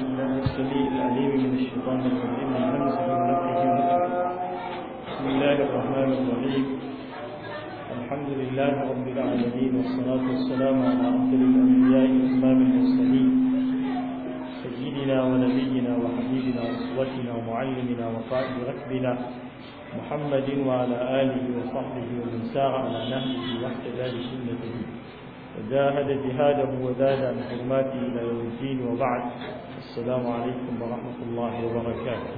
بسم الله الرحمن الرحيم الحمد لله رب العالمين والصلاة والسلام على أفضل الأنبياء وإمام المرسلين سيدنا ونبينا وحبيبنا وأسوتنا ومعلمنا وقائد ركبنا محمد وعلى آله وصحبه ومن سار على نهجه واهتدى سنته وجاهد جهاده وزاد عن حرماته إلى يوم الدين وبعد السلام عليكم ورحمة الله وبركاته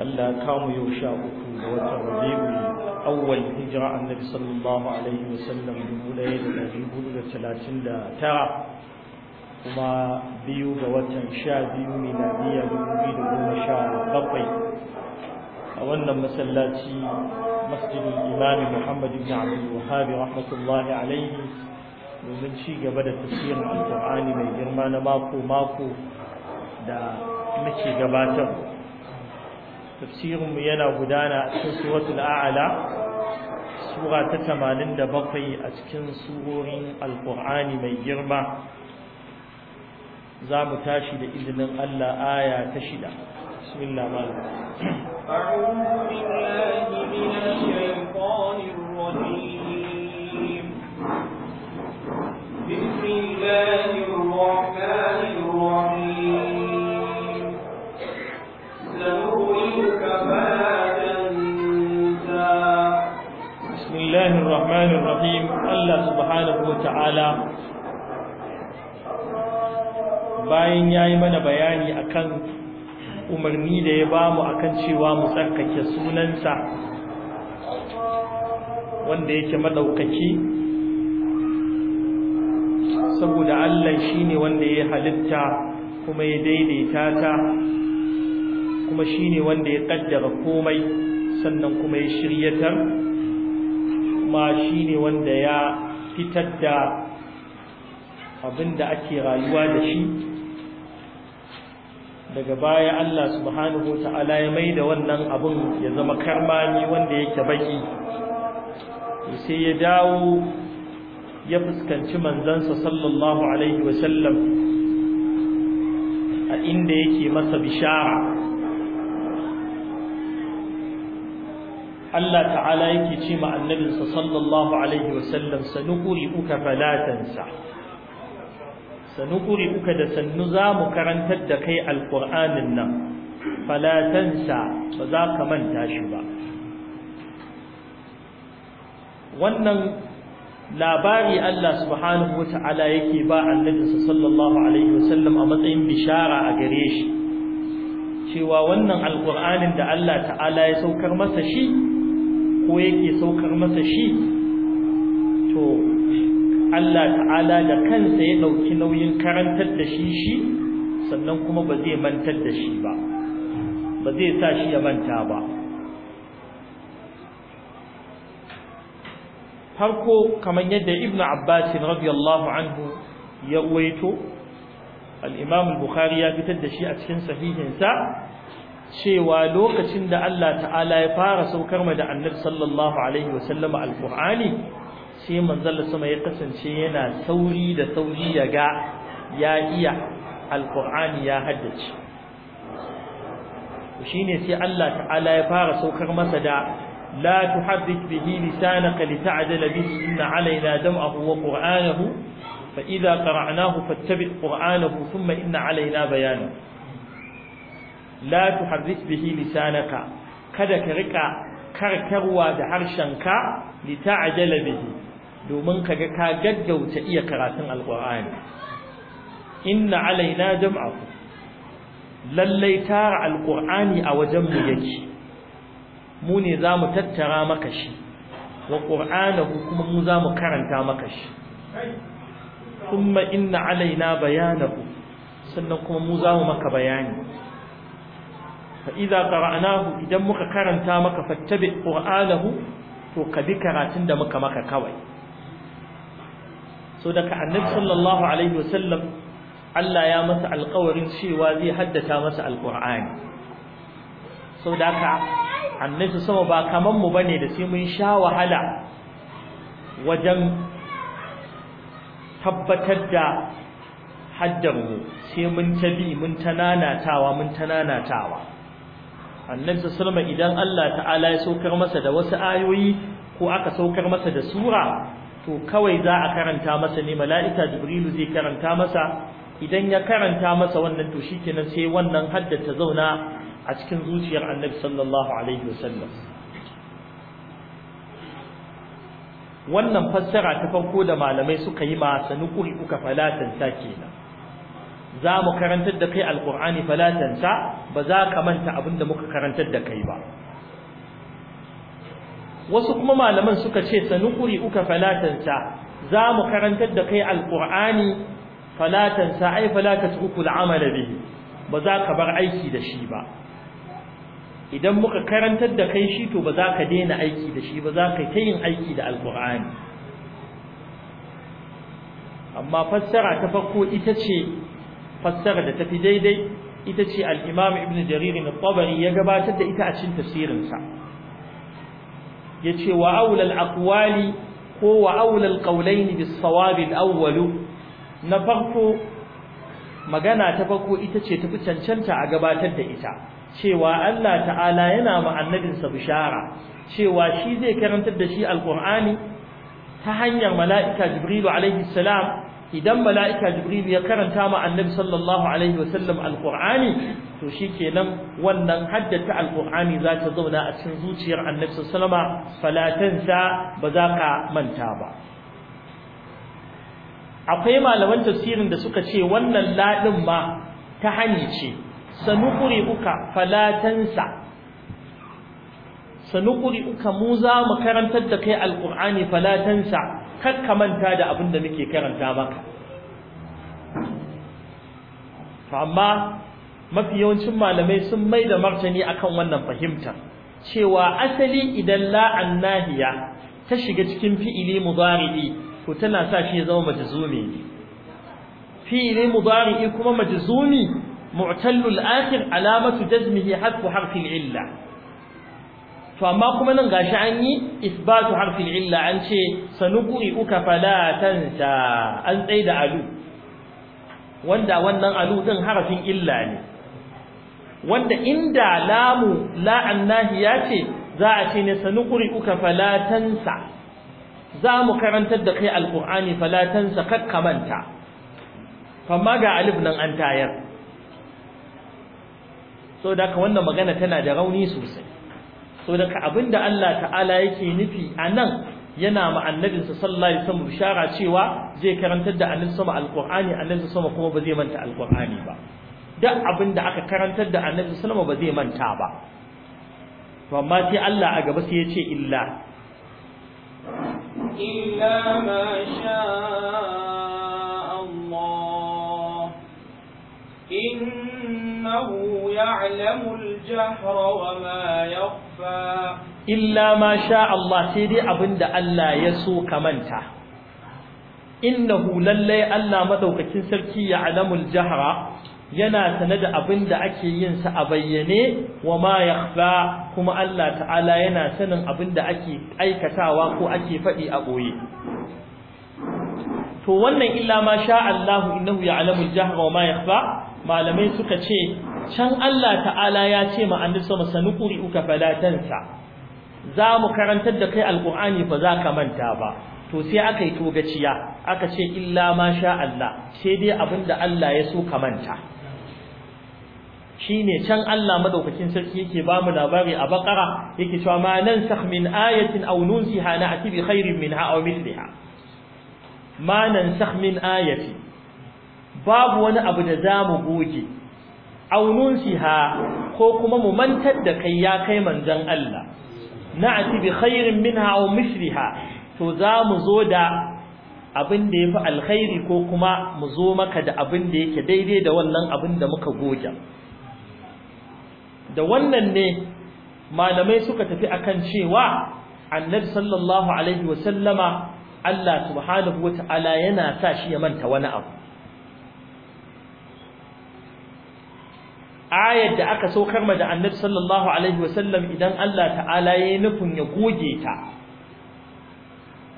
ألا كانوا يوشاؤكم وترغيب أول هجرة النبي صلى الله عليه وسلم بمولاي الذي بلغ ثلاثين ترى وما بيو دوتا شابي ميلادية بمبيد ومشاء بقي أولا مسلاتي مسجد الإمام محمد بن عبد الوهاب رحمة الله عليه domin ci gaba da tafsirin alkur'ani mai girma na mako-mako da muke gabatar tafsirinmu yana gudana a cikin suratul a'ala sura ta tamanin da bakwai a cikin surorin alkur'ani mai girma za mu tashi da izinin allah aya ta shida bismillah أعوذ بالله من الشيطان الرجيم الله الرحمن الرحيم الله سبحانه وتعالى bayan yayi mana bayani akan umarni da ya bamu akan cewa mu tsarkake sunansa wanda yake madaukaki saboda Allah shine wanda ya halitta kuma ya daidaita ta kuma shine wanda ya kaddara komai sannan kuma ya shiryatar kuma ne wanda ya fitar da abin da ake rayuwa da shi daga baya Allah subhanahu Ta'ala ya mai da wannan abin ya zama karmani wanda yake baki sai ya dawo ya fuskanci manzansa sallallahu alaihi wasallam a inda yake masa bishara Allah ta'ala yake ce ma annabinsa sallallahu alaihi wasallam sanukuri uka falatansa sanukuri uka da sannu za mu karantar da kai alƙur'anin nan falatansa ba za ka manta shi ba wannan labari Allah subhanahu wa ta'ala yake ba annabinsa sallallahu alaihi wasallam a matsayin bishara a gare shi cewa wannan alƙur'anin da Allah ta'ala ya saukar masa shi ko yake saukar masa shi to Allah ta'ala da kansa ya ɗauki nauyin karantar da shi shi sannan kuma ba zai mantar da shi ba ba zai sa shi ya manta ba farko kamar yadda ibn abbas radiyallahu anhu ya waito al-imam al-bukhari ya fitar da shi a cikin sahihinsa cewa lokacin da Allah ta'ala ya fara saukar ma da annabi sallallahu alaihi wasallam alqur'ani sai manzon sama ya kasance yana sauri da sauri ya ga ya iya alqur'ani ya haddace shine sai Allah ta'ala ya fara saukar masa da la tuhaddith bihi lisanaka lita'dala bihi inna alaina dam'ahu wa qur'anahu fa idza qara'nahu fattabi' qur'anahu thumma inna alaina bayanahu la tuharris bihi lisanaka kada ka rika karkarwa da harshenka li ta'jala bihi domin kaga ka gaggauta iya karatun alqur'ani inna alaina jam'ahu lallai tara alqur'ani a wajen mu yake mu ne zamu tattara maka shi wa qur'anahu kuma mu zamu karanta maka shi kuma inna alaina bayanahu sannan kuma mu zamu maka bayani فإذا قرأناه إذا مك كرن تامك فاتبع قرآنه فكبي كراتن دمك مك كوي صدق النبي صلى الله عليه وسلم ألا يا مسع القور شي وذي حدث مسع القرآن صدق النبي صلى الله عليه وسلم مبني لسي من شا وهلا وجم tabbatar da haddanmu sai mun tabi mun tananatawa mun tananatawa annabi sallama idan Allah ta'ala ya saukar masa da wasu ayoyi ko aka saukar masa da sura to kawai za a karanta masa ne mala'ika jibrilu zai karanta masa idan ya karanta masa wannan to shikenan sai wannan haddata zauna a cikin zuciyar annabi sallallahu alaihi wasallam wannan fassara ta farko da malamai suka yi ma sanu kuri uka falatan ta kenan za mu karantar da kai alkur'ani falatanta ba za ka manta abin da muka karantar da kai ba wasu kuma malaman suka ce sanukuri uka falatanta za mu karantar da kai alkur'ani falatanta ai falatanta uku la'amala bihi ba za ka bar aiki da shi ba idan muka karantar da kai shi to ba za ka daina aiki da shi ba za ka ta yin aiki da alkur'ani amma fassara ta farko ita ce fassara da tafi daidai ita ce al-Imam Ibn Jarir al-Tabari ya gabatar da ita a cikin tafsirin sa yace wa aula al-aqwali ko wa aula al-qawlayn bis-sawab al-awwal na farko magana ta farko ita ce tafi cancanta a gabatar da ita cewa Allah ta'ala yana ma annabinsa bishara cewa shi zai karantar da shi alqur'ani ta hanyar mala'ika jibrilu alaihi salam idan mala'ika jibril ya karanta ma annabi sallallahu alaihi wasallam alqur'ani to shikenan wannan haddata alqur'ani za ta zauna a cikin zuciyar annabi sallama falatansa ba za ka manta ba akwai malaman tafsirin da suka ce wannan ladin ma ta hani ce sanukuri uka falatansa uka mu za mu karantar da kai alqur'ani falatansa kakka manta da abin da muke karanta maka amma mafi yawancin malamai sun mai da martani akan wannan fahimta cewa asali idan la'an nahiya ta shiga cikin fi'ili mudari'i to tana sa shi ya zama majzumi fi'ili mudari'i kuma majzumi mu'tallul akhir alamatu jazmihi hadfu harfi illa to amma kuma nan gashi an yi isbatu harfin illa an ce sanuquri uka fala tansa an tsaida alu wanda wannan alu din harafin illa ne wanda inda lamu la annahiya ce za a ce ne sanuquri uka fala tansa za mu karantar da kai alqur'ani fala tansa kakkamanta amma ga alif nan an tayar so da ka wannan magana tana da rauni sosai so daga abinda Allah ta'ala yake nufi a nan yana ma annabinsa sallallahu alaihi wasallam bishara cewa zai karantar da annabi sama alqur'ani annabi sama kuma ba zai manta alqur'ani ba duk abin da aka karantar da annabi sallama ba zai manta ba to amma sai Allah a gaba sai ya ce illa illa ma sha إنه يعلم الجهر وما يخفى إلا ما شاء الله سيدي manta. ألا يسو كمنتا إنه للي ألا مدوك يعلم الجهر yana sane da abin da ake yin sa a bayyane wa ma kuma Allah ta'ala yana sanin abin da ake aikatawa ko ake faɗi a boye to wannan illa ma sha Allahu innahu ya'lamu al wa ma malamai suka ce can Allah ta'ala ya ce ma annabi sama sanukuri uka falatansa za mu karantar da kai alqur'ani fa za ka manta ba to sai aka yi togaciya aka ce illa ma sha Allah sai dai abinda Allah ya so ka manta shine can Allah madaukakin sarki yake ba mu labari a bakara yake cewa ma nan sakh min ayatin aw nunsiha na'ti bi khairin minha aw mithliha ma nan sakh min ayatin babu wani abu da za mu goge aunun siha ko kuma mu mantar da kai ya kai manzon Allah na'ati bi khairin minha aw misliha to za mu zo da abin da yafi alkhairi ko kuma mu zo maka da abin da yake daidai da wannan abin da muka goge da wannan ne malamai suka tafi akan cewa annabi sallallahu alaihi wa sallama Allah subhanahu wa ta'ala yana sa shi ya manta wani abu ayar da aka saukar ma da annabi sallallahu alaihi wasallam idan Allah ta'ala ya nufin ya goge ta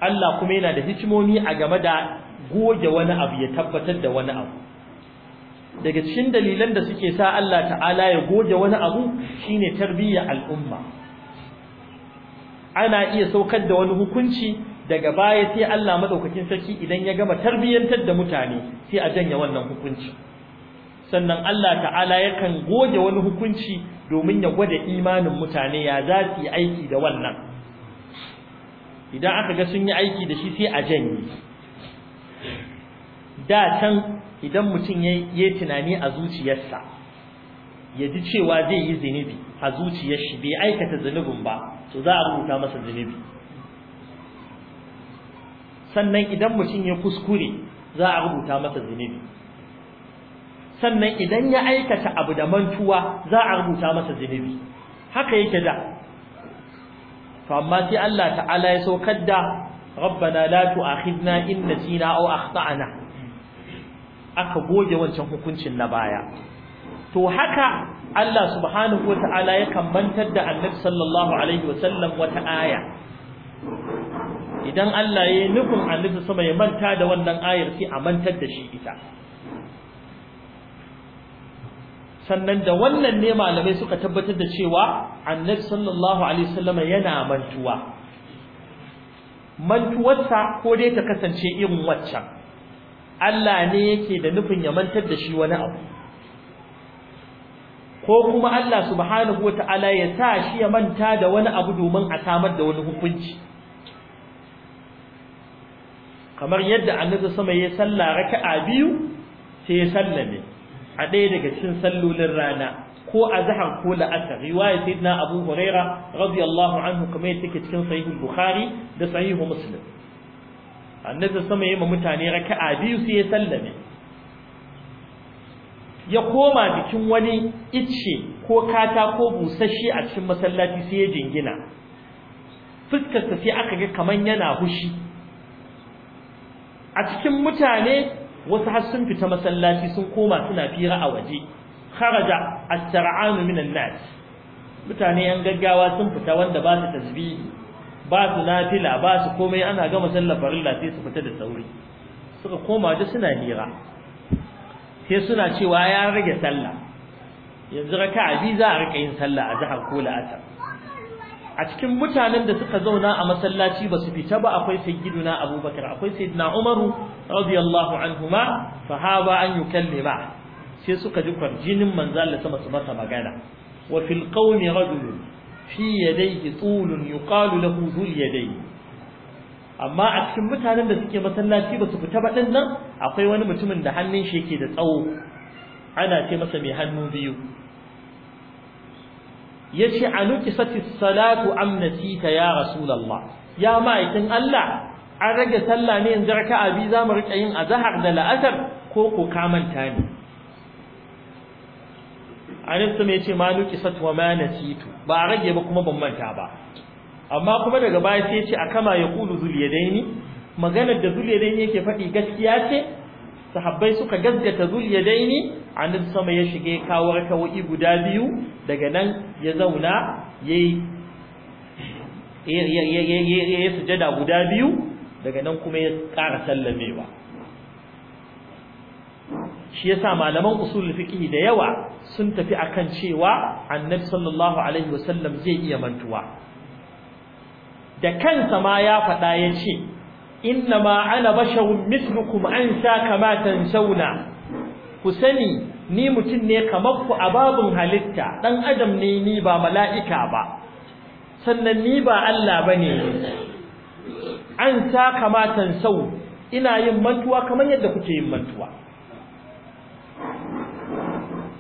Allah kuma yana da hikimomi a game da goge wani abu ya tabbatar da wani abu daga cikin dalilan da suke sa Allah ta'ala ya goge wani abu shine tarbiyya al'umma ana iya saukar da wani hukunci daga baya sai Allah madaukakin sarki idan ya gama tarbiyantar da mutane sai a janye wannan hukuncin. sannan Allah ta'ala yakan goge wani hukunci domin ya gwada imanin mutane ya za su yi aiki da wannan idan aka ga sun yi aiki da shi sai a janye da can idan mutum ya yi tunani a zuciyarsa ya ji cewa zai yi zunubi a zuciyar shi bai aikata zunubin ba to za a rubuta masa zunubi sannan idan mutum ya kuskure za a rubuta masa zunubi sannan idan ya aikata abu da mantuwa za a rubuta masa zunubi haka yake da to amma sai Allah ta'ala ya saukar da rabbana la tu'akhidna in nasina aw akhtana aka goge wancan hukuncin na baya to haka Allah subhanahu wata'ala ya kammantar da Annabi sallallahu alaihi wasallam wata aya idan Allah ya yi nufin Annabi sama ya manta da wannan ayar sai a mantar da shi ita sannan da wannan ne malamai suka tabbatar da cewa annabi sallallahu alaihi wasallam yana mantuwa mantuwarsa ko dai ta kasance irin waccan Allah ne yake da nufin ya mantar da shi wani abu ko kuma Allah subhanahu wataala ya sa shi ya manta da wani abu domin a samar da wani hukunci kamar yadda annabi sama ya salla raka'a biyu sai ya sallame a ɗaya daga cikin sallolin rana ko a zahar ko la'asar riwaya sayyidina abu huraira radiyallahu anhu kamar yadda take cikin sahihul bukhari da sahihu muslim annabi sama yayin mutane raka'a biyu sai ya sallame ya koma bikin wani icce ko kata ko busasshe a cikin masallaci sai ya jingina fuskarsa sai aka ga kaman yana hushi a cikin mutane wasu har sun fita masallaci sun koma suna fira a waje kharaja as-sar'anu minan nas mutane yan gaggawa sun fita wanda ba su tasbihi ba su nafila ba su komai ana gama sallar farilla sai su fita da sauri suka koma da suna hira sai suna cewa ya rage sallah yanzu raka'a bi za a rika yin sallah a jihar ko la'asar a cikin mutanen da suka zauna a masallaci ba su fita ba akwai sayyiduna abubakar akwai sayyiduna umaru radiyallahu anhuma sahaba an ba. sai suka ji kwarjinin manzo Allah sama su masa magana wa fil qawmi rajul fi yadayhi tulun yuqalu lahu dhul yadayhi amma a cikin mutanen da suke masallaci ba su fita ba din nan akwai wani mutumin da hannun shi yake da tsawo ana ce masa mai hannu biyu yace anuqisati salatu am nasita ya rasulallah ya ma'aikin Allah an rage sallah ne yanzu raka'a bi za mu rika yin azhar da la'asar ko ko ka manta ne anisu mai ce ma nuqisat wa ma nasitu ba rage ba kuma ban manta ba amma kuma daga baya sai ya ce akama yaqulu zul yadaini maganar da zul yadaini yake faɗi gaskiya ce sahabbai suka gaskata zul yadaini annabi sama ya shige kawar kawai guda biyu daga nan ya zauna yayi ya sujada guda biyu daga nan kuma ya ƙara sallamewa shi yasa malaman usul fiqh da yawa sun tafi akan cewa annabi sallallahu alaihi wasallam zai iya mantuwa da kansa ma ya faɗa ya ce inna ma إنما أنا an sa أنسى sauna, ku sani ni mutum ne kamar ku a babin halitta Dan adam ne ni ba mala'ika ba sannan ni ba Allah bane ne an sa kamatan sau ina yin mantuwa kamar yadda kuke yin mantuwa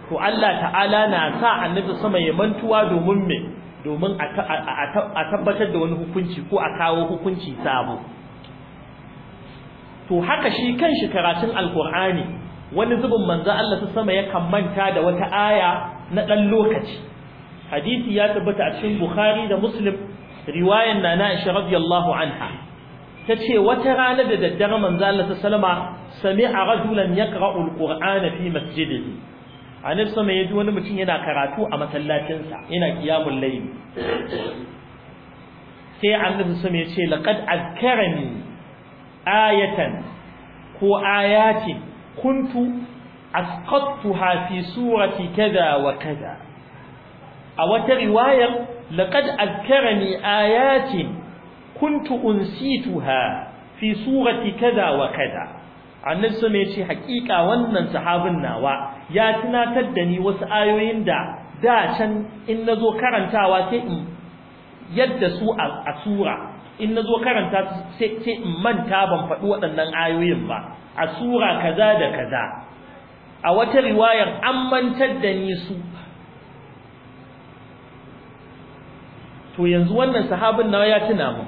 to Allah ta'ala na sa annabi sama ya mantuwa domin me domin a tabbatar da wani hukunci ko a kawo hukunci sabo to haka shi kanshi karatun alkur'ani wani zubin manzo Allah ta sama yakan manta da wata aya na dan lokaci hadisi ya tabbata a cikin bukhari da muslim riwaya nana aisha radiyallahu anha tace wata rana da daddare manzo Allah ta sallama sami'a rajulan yaqra'u alqur'ana fi masjidihi annabi sama yaji wani mutum yana karatu a masallacinsa yana qiyamul layl sai annabi sama ce, laqad azkarani ayatan ko ayatin kuntu asqattuha fi surati kaza wa kaza a wata riwayar laqad azkarani ayatin kuntu unsituha fi surati kaza wa kaza annabi sai ce hakika wannan sahabin nawa ya tunatar da ni wasu ayoyin da da can in nazo karantawa sai in yadda su a sura in na zo karanta sai sai in manta ban faɗi waɗannan ayoyin ba a sura kaza da kaza a wata riwayar an mantar da ni su to yanzu wannan sahabin nawa ya tuna mu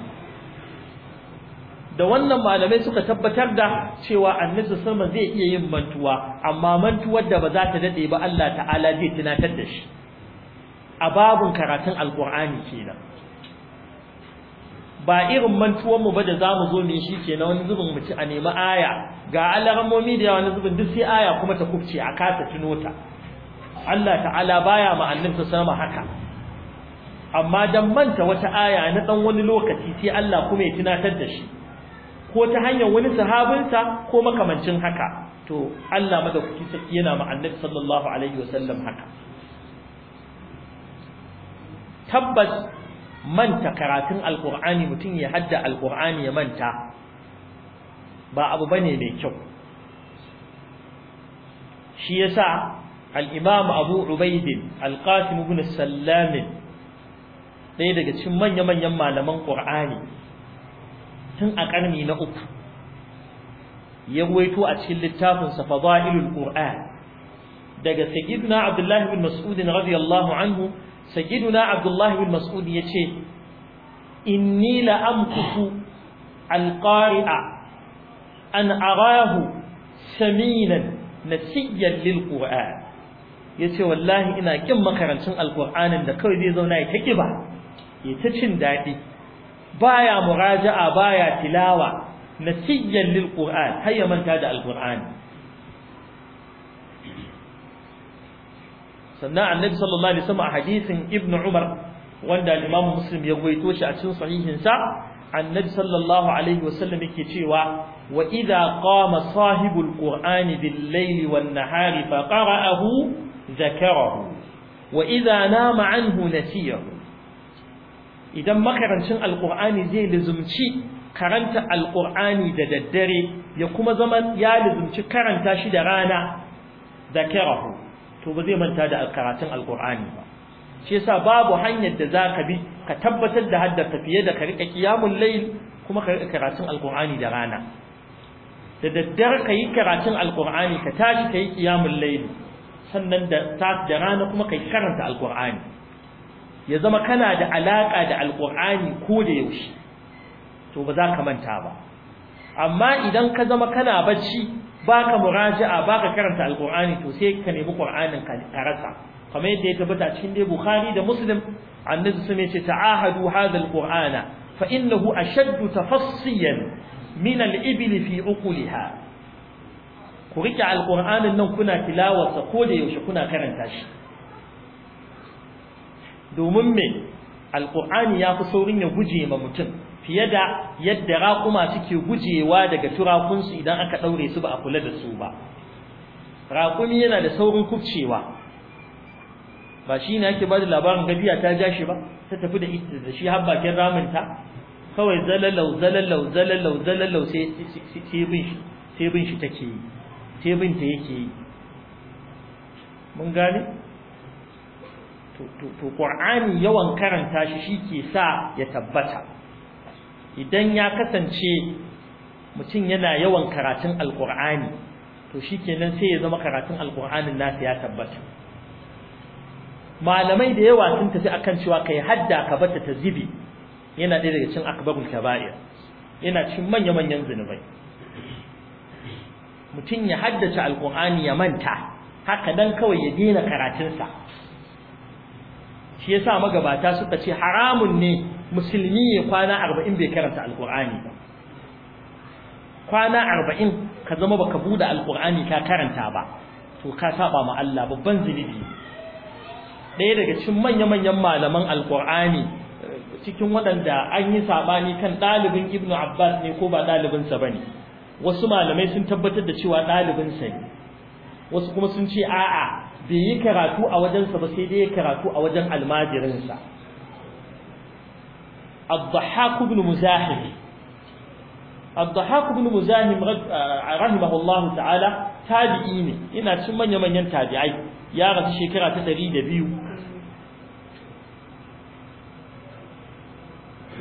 da wannan malamai suka tabbatar da cewa annabi sama zai iya yin mantuwa amma mantuwar da ba za ta dade ba Allah ta'ala zai tunatar da shi a babun karatun alqur'ani kenan ba irin mantuwan mu ba da zamu zo mu shi ce na wani zubin mu ci a nemi aya ga alamomi da wani zubin duk sai aya kuma ta kufce a kasa tuno ta Allah ta'ala baya ma annabta sama haka amma dan manta wata aya na dan wani lokaci sai Allah kuma ya tunatar da shi ko ta hanyar wani sahabinsa ko makamancin haka to Allah madaukaki sarki yana ma sallallahu alaihi wasallam haka tabbas manta karatun alkur'ani mutum ya hadda alkur'ani ya manta ba abu bane mai kyau shi yasa al-imam Abu Ubaid al-Qasim ibn Sallam ɗaya daga cikin manya-manyan malaman Qur'ani tun a ƙarni na uku ya waito a cikin littafin sa Fadailul Qur'an daga Sayyidina abdullahi ibn Mas'ud radiyallahu anhu sayyiduna abdullahi bin mas'ud ya ce inni la'amkuku alqari'a an arahu saminan nasiyan lil qur'an yace wallahi ina kin makarancin alqur'anin da kawai zai zauna ya ta kiba ya ta cin dadi baya muraja'a baya tilawa nasiyan lil har ya manta da alqur'ani sannan annabi sallallahu alaihi wasallam a hadisin ibn umar wanda al-imam muslim ya gwaito shi a cikin sahihin sa annabi sallallahu alaihi wasallam yake cewa wa idza qama sahibul qur'ani bil layli wan nahari fa qara'ahu zakarahu wa idza nama anhu nasiyahu idan makarancin alqur'ani zai lizumci karanta alqur'ani da daddare ya kuma zama ya lizumci karanta shi da rana zakarahu to ba zai manta da karatun alqur'ani ba shi yasa babu hanyar da zaka bi ka tabbatar da haddarka fiye da ka rika qiyamul layl kuma ka rika karatun alqur'ani da rana da daddare ka yi karatun alqur'ani ka tashi ka yi qiyamul layl sannan da da rana kuma kai karanta alqur'ani ya zama kana da alaka da alqur'ani ko da yaushe to ba za ka manta ba amma idan ka zama kana bacci baka muraja'a baka karanta alqur'ani to sai ka nemi qur'anin ka karasa kamar yadda ya tabbata cikin dai bukhari da muslim annabi sun yace ta'ahadu hadha alqur'ana fa innahu ashaddu tafassiyan min al-ibil fi uquliha ku rike alqur'anin nan kuna tilawarsa ko da yaushe kuna karanta shi domin me alqur'ani ya fi saurin ya guje ma mutum fiye da yadda raƙuma suke gujewa daga turakunsu idan aka ɗaure su ba a kula da su ba raƙumi yana da saurin kubcewa ba shi ne ake ba da labarin gabiya ta ja shi ba ta tafi da ita da shi har bakin raminta kawai zalalau zalalau zalalau zalalau sai bin shi take yi sai bin ta yake yi mun gane to ƙur'ani yawan karanta shi shi ke sa ya tabbata idan ya kasance mutum yana yawan karatun alkur'ani to shi kenan sai ya zama karatun alkur'anin nasa ya tabbata malamai da yawa sun tafi akan cewa kai hadda ka bata ta zibi yana ɗaya daga cikin akbarul kaba'ir yana cin manya-manyan zunubai mutum ya haddace alkur'ani ya manta haka dan kawai ya daina karatunsa shi yasa magabata suka ce haramun ne musulmi ya kwana arba'in bai karanta alkur'ani ba kwana arba'in ka zama ba ka buɗe alkur'ani ka karanta ba to ka saba ma Allah babban zunubi ɗaya daga cikin manya-manyan malaman alkur'ani eh, cikin waɗanda an yi sabani kan ɗalibin ibnu abbas ne ko ba ɗalibinsa ba ne wasu malamai sun tabbatar da cewa ɗalibinsa ne wasu kuma sun ce a'a bai yi karatu a wajensa ba sai dai ya karatu a wajen almajirinsa الضحاك بن مزاحم الضحاك بن مزاحم رحمه الله تعالى tabi'i ne ina cikin manyan manyan tabi'ai ya rasu shekara ta biyu.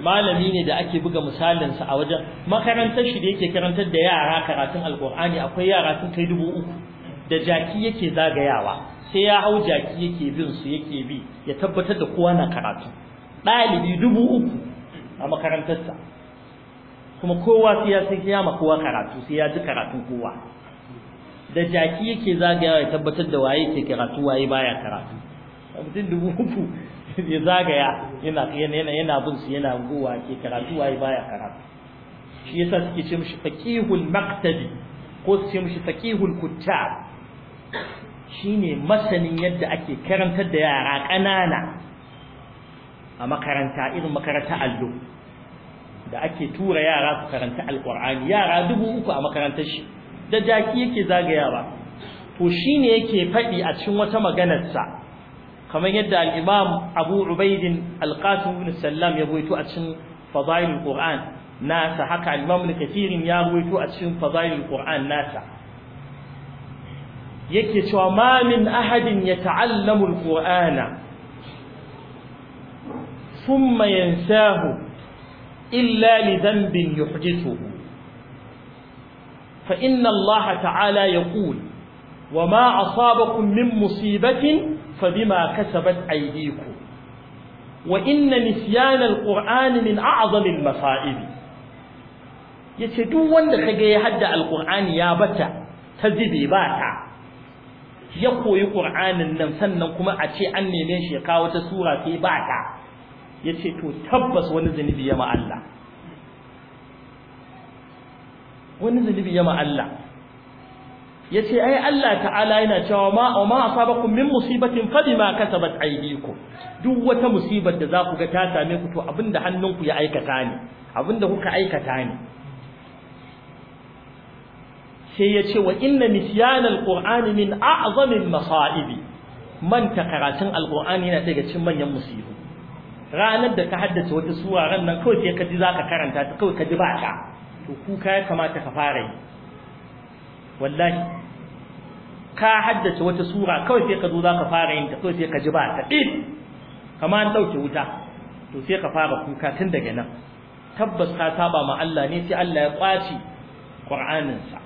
malami ne da ake buga misalinsa a wajen makarantar shi da yake karantar da yara karatun alqur'ani akwai yara sun kai dubu uku da jaki yake zagayawa sai ya hau jaki yake bin su yake bi ya tabbatar da kowa na karatu ɗalibi dubu uku a makarantarsa kuma kowa sai ya sai ya kowa karatu sai ya ji karatun kowa da jaki yake zagaya ya tabbatar da waye ke karatu waye baya karatu mutum dubu uku ya zagaya yana yana yana bin su yana gowa ke karatu waye baya karatu shi yasa suke ce mishi faqihul maqtadi ko su ce mishi faqihul kuttab shine masanin yadda ake karantar da yara ƙanana a makaranta irin makaranta allo da ake tura yara su karanta alkur'ani yara dubu uku a makarantar shi da jaki yake zagayawa to shine yake faɗi a cikin wata maganarsa kamar yadda al-imam abu ubaidin al-qasim ibn sallam ya goyito a cikin fadailul qur'an nasa haka al-imam al-kathirin ya goyito a cikin fadailul qur'an nasa yake cewa ma min ahadin yata'allamu al-qur'ana thumma yansahu illa li dhanbin yuhdithuhu fa inna Allah ta'ala yaqul wama asabakum min musibatin fabima kasabat aydikum wa inna nisyana alqur'ani min a'zami almasa'ib yace duk wanda kage ya hadda alqur'ani ya bata ta zibe bata? ya koyi qur'anin nan sannan kuma a ce an neme shi ya kawo ta sura sai bata. yace to tabbas wani zunubi ya ma Allah wani zunubi ya ma yace ai Allah ta'ala yana cewa ma wa ma asabakum min musibatin fa bima kasabat aydikum duk wata musibar da za ku ga ta same ku to abinda hannunku ya aikata ne abinda kuka aikata ne sai ya ce wa inna nisyan alqur'ani min a'zamin masaibi man ta karatun alqur'ani yana daga cikin manyan musibu ranar da ka haddace wata suwa ran nan kawai sai ka ji zaka karanta ta kawai ka ji ba ta to kuka ya kamata ka fara yi wallahi ka haddace wata sura kawai sai ka zo zaka fara yin ta kawai sai ka ji ba ta din kama an dauke wuta to sai ka fara kuka tun daga nan tabbas ka saba ma Allah ne sai Allah ya kwaci Qur'anin sa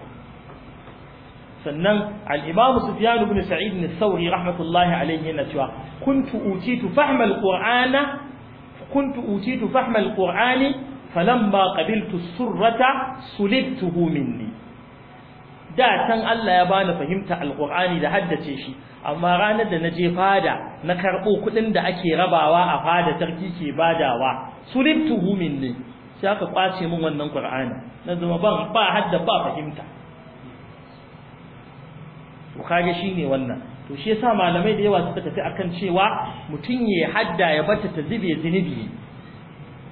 sannan al-Imam Sufyan ibn Sa'id ibn Thawri rahmatullahi alayhi yana cewa kuntu utitu fahma al-Qur'ana kuntu utitu fahmal qur'ani falamma qabiltu surrata tuhumin ne. da tan Allah ya bani fahimta alqur'ani da haddace shi amma ranar da na je fada na karɓo kuɗin da ake rabawa a fada tarki ke badawa sulibtuhu minni sai aka kwace min wannan qur'ani na zama ban ba hadda ba fahimta to kage shine wannan to shi yasa malamai da yawa suka tafi akan cewa mutum ya hadda ya bata ta zube zinubi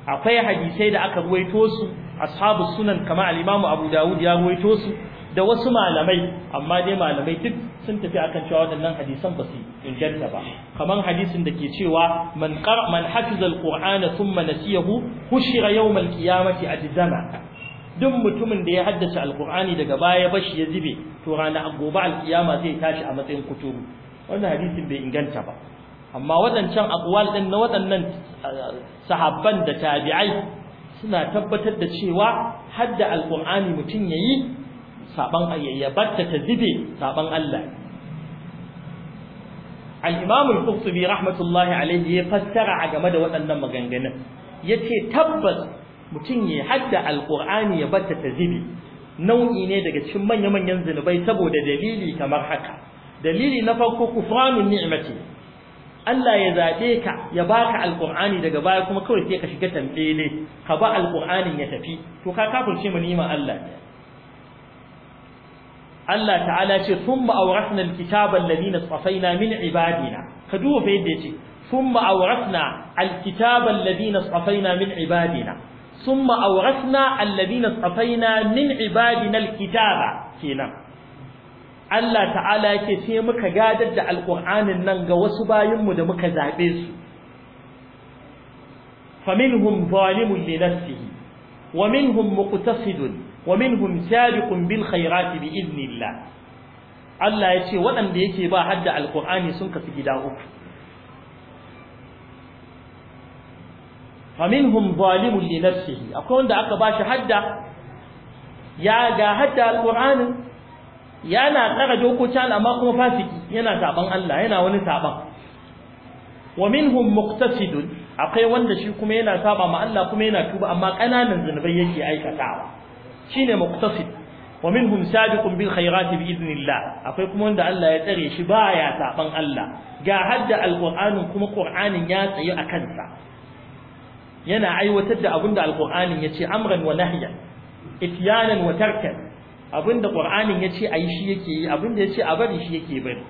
akwai hadisai da aka ruwaito su ashabu sunan kama al-Imam Abu Dawud ya ruwaito su da wasu malamai amma dai malamai duk sun tafi akan cewa waɗannan hadisan ba su inganta ba kaman hadisin da ke cewa man qara man hafiza al-Qur'ana thumma nasiyahu hushira yawm al-qiyamati ajzama duk mutumin da ya haddace alkur'ani daga baya bashi ya zube to rana gobe alkiyama zai tashi a matsayin kuturu wannan hadisin bai inganta ba amma wadancan aqwal din na wadannan eh, sahabban da tabi'ai suna tabbatar da cewa hadda alkur'ani mutum yayi saban ayyaya batta ta zube saban Allah al-imam al-qurtubi rahmatullahi alayhi ya fassara a game da waɗannan maganganun yace tabbas mutum ya hadda Alƙur'ani ya ta zibi. nau'i ne daga cikin manya-manyan zunubai saboda dalili kamar haka dalili na farko kufranun ni'mati Allah ya zaɓe ka ya baka Alƙur'ani daga baya kuma kawai sai ka shiga tambele ka ba Alƙur'anin ya tafi to ka kafirce mu ni'imar Allah Allah ta'ala ce thumma awrasna alkitaba alladhina safaina min ibadina ka duba fa yadda yace thumma awrasna alkitaba alladhina safaina min ibadina ثم أورثنا الذين اصطفينا من عبادنا الكتاب kenan. Allah ta'ala yake sai muka gadar da alƙur'anin nan ga wasu mu da muka zaɓe su faminhum zalimun li nafsihi wa minhum muqtasidun wa minhum sabiqun bil khairati bi idnillah Allah yace waɗanda yake ba hadda alƙur'ani sun kasu gida uku faminhum zalimun li nafsihi akwai wanda aka bashi hadda ya ga hadda alqur'ani yana tsara dokokin amma kuma fasiki yana saban Allah yana wani saban wa minhum akwai wanda shi kuma yana saba ma Allah kuma yana tuba amma kananan zunubai yake aikatawa shine muqtasid wa minhum sabiqun bil khairati bi idnillah akwai kuma wanda Allah ya tsare shi baya saban Allah ga hadda alqur'anin kuma qur'anin ya tsaye a kansa yana aiwatar da abinda alqur'anin yace amran wa nahyan ityanan wa tarkan abinda qur'anin yace ayi shi yake yi abinda yace a bari shi yake bari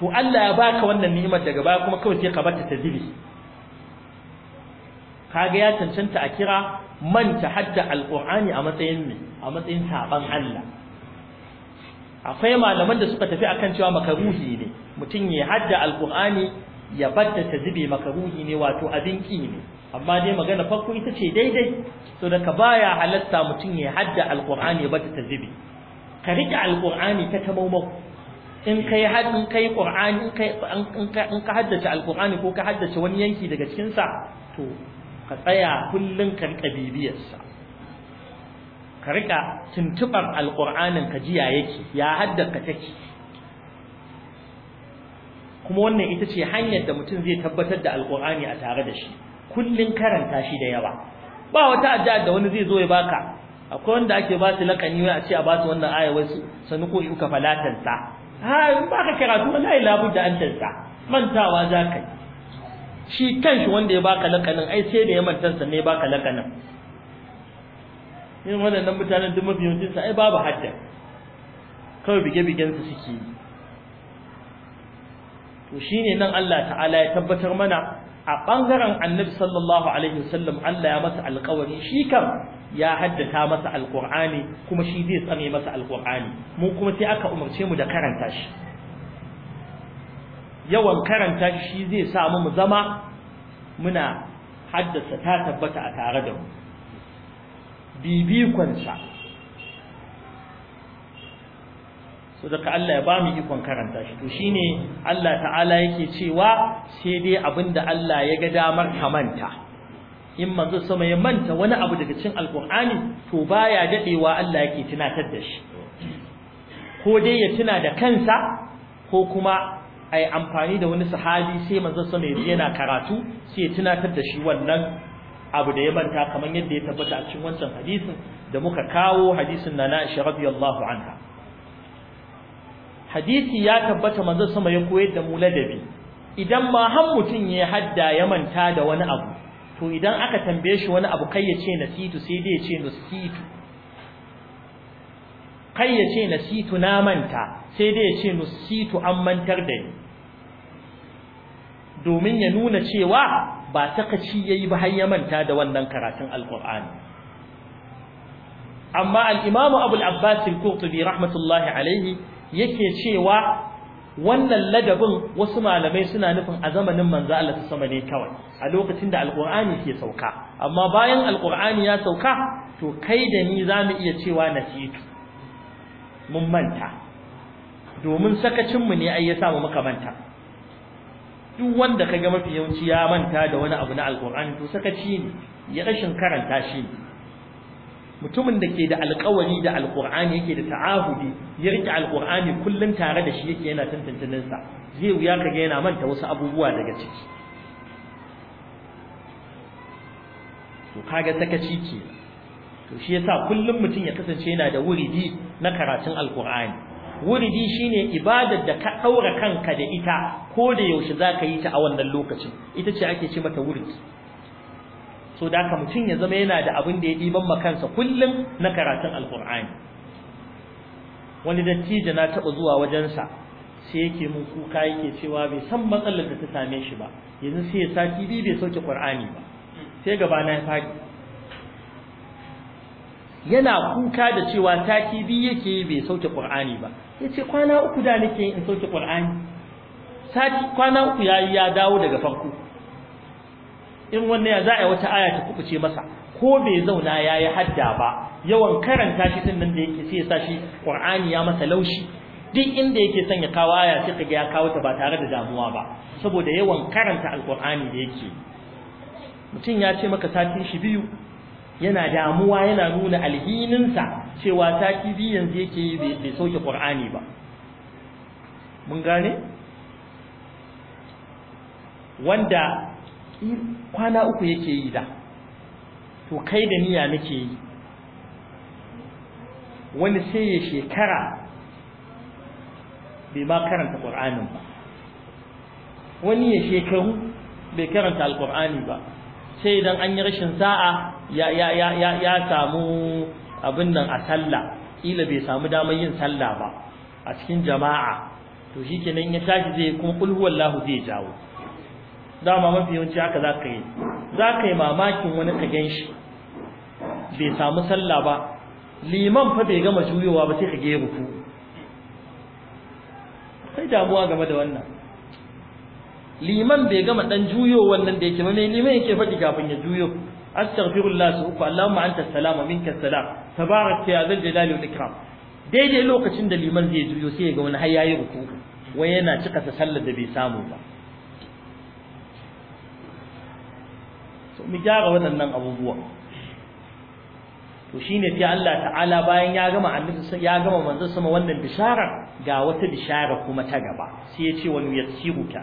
to Allah ya baka wannan ni'imar daga baya kuma kawai sai ka bata tadili kaga ya cancanta a kira manta hadda alqur'ani a matsayin ne a matsayin saban Allah akwai malaman da suka tafi akan cewa makaruhi ne mutum ya hadda alqur'ani ya badda ta zube makaruhi ne wato abin ki amma dai magana farko ita ce daidai To da ka baya halatta mutum ya hadda alqur'ani ya badda ta zube ka rike alqur'ani ta tamaumau in kai hadin kai qur'ani in kai in ka haddace alqur'ani ko ka haddace wani yanki daga cikin sa to ka tsaya kullun ka rika bibiyar sa ka rika tuntubar alqur'anin ka jiya yake ya haddaka take kuma wannan ita ce hanyar da mutum zai tabbatar da alkur'ani a tare da shi kullun karanta shi da yawa ba wata addu'a da wani zai zo ya baka akwai wanda ake ba su lakani wai a ce a ba su wannan aya wai sanu ko uka falatan sa ha ba ka karatu wallahi budda an tanta mantawa za ka yi shi kanshi wanda ya baka lakanin ai sai da ya mantansa ne ya baka lakanin yin wannan mutanen duk mafi yawancin sa ai babu hadda kawai bige-bigen su suke yi to shine nan Allah ta'ala ya tabbatar mana a bangaren Annabi sallallahu alaihi wasallam Allah ya masa alƙawari shi kan ya haddata masa alƙur'ani kuma shi zai tsame masa alƙur'ani mu kuma sai aka umarce mu da karanta shi yawan karanta shi zai sa mu zama muna haddasa ta tabbata a tare da mu bibikonsa da ka Allah ya ba mu ikon karanta shi to shine Allah ta'ala yake cewa sai dai abinda Allah ya ga damar ka manta in manzo sama ya manta wani abu daga cikin alqur'ani to baya dadewa Allah yake tunatar da shi ko dai ya tuna da kansa ko kuma ai amfani da wani sahabi sai manzo sama ya yana karatu sai ya tunatar da shi wannan abu da ya manta kamar yadda ya tabbata a cikin wancan hadisin da muka kawo hadisin na Aisha radiyallahu anha hadisi ya tabbata manzo sama ya koyar da mu ladabi idan ma har mutun ya hadda ya manta da wani abu to idan aka tambaye shi wani abu kai ya ce nasitu sai dai ya ce kai nasitu na manta sai dai ya ce an mantar da ni domin ya nuna cewa ba takaci yayi ba har ya manta da wannan karatun alqur'ani amma al-imamu abul abbas al-qurtubi rahmatullahi alaihi yake cewa wannan ladabin wasu malamai suna nufin a zamanin manzo Allah ta sama ne kawai a lokacin da alqur'ani ke sauka amma bayan alqur'ani ya sauka to kai da ni zamu iya cewa nasitu mun manta domin sakacin mu ne ai ya samu muka manta duk wanda kaga mafi yawanci ya manta da wani abu na alqur'ani to sakaci ne ya rashin karanta shi ne mutumin da ke da alƙawari da alƙur'ani yake da ta'ahudi ya rike alƙur'ani kullum tare da shi yake yana tantance sa zai wuya ga yana manta wasu abubuwa daga ciki to kaga sakaci ke to shi yasa kullum mutum ya kasance yana da wuridi na karatun alƙur'ani wuridi shine ibadar da ka ɗaura kanka da ita ko da yaushe zaka yi ta a wannan lokacin ita ce ake ce mata wuridi so da haka mutum ya zama yana da abin da ya ɗiban ma kansa kullum na karatun alkur'ani wani dattijo na taɓa zuwa wajensa sai yake mun kuka yake cewa bai san matsalar da ta same shi ba yanzu sai ya sati biyu bai sauke qur'ani ba sai gaba na ya faɗi yana kuka da cewa sati biyu yake bai sauke qur'ani ba yace kwana uku da nake in sauke qur'ani sati kwana uku yayi ya dawo daga farko in wanne ya za a yi wata aya ta kubuce masa ko bai zauna ya yi hadda ba yawan karanta shi din nan da yake sai ya sa shi qur'ani ya masa laushi duk inda yake son ya kawo aya sai kage ya kawo ta ba tare da damuwa ba saboda yawan karanta alqur'ani da yake mutum ya ce maka sati shi biyu yana damuwa yana nuna alhininsa cewa sati biyu yanzu yake yi bai sauke qur'ani ba mun gane wanda kwana uku yake yi da to kai da niyya nake yi wani sai ya shekara bai ma karanta ƙur'anin ba wani ya shekaru bai karanta alƙur'ani ba sai idan an yi rashin sa'a ya samu abin nan a sallah kila bai samu damar yin sallah ba a cikin jama'a to shi shikenan ya tashi zai kuma kulhuwallahu zai jawo dama mafi yawanci haka za ka yi za ka yi mamakin wani ka gan shi bai samu sallah ba liman fa bai gama juyowa ba sai ka gera ku sai damuwa game da wannan liman bai gama dan juyo wannan da yake ba mai liman yake faɗi kafin ya juyo astaghfirullah su uku allahumma anta salam minka salam tabaraka ya zal jalali wal ikram daidai lokacin da liman zai juyo sai ya ga wani har yayi ruku wai yana cika ta sallar da bai samu ba to mu gyara waɗannan abubuwa to shine sai Allah ta'ala bayan ya gama annabi ya gama manzo sama wannan bishara ga wata bishara kuma ta gaba sai ya ce wa nuyassiruka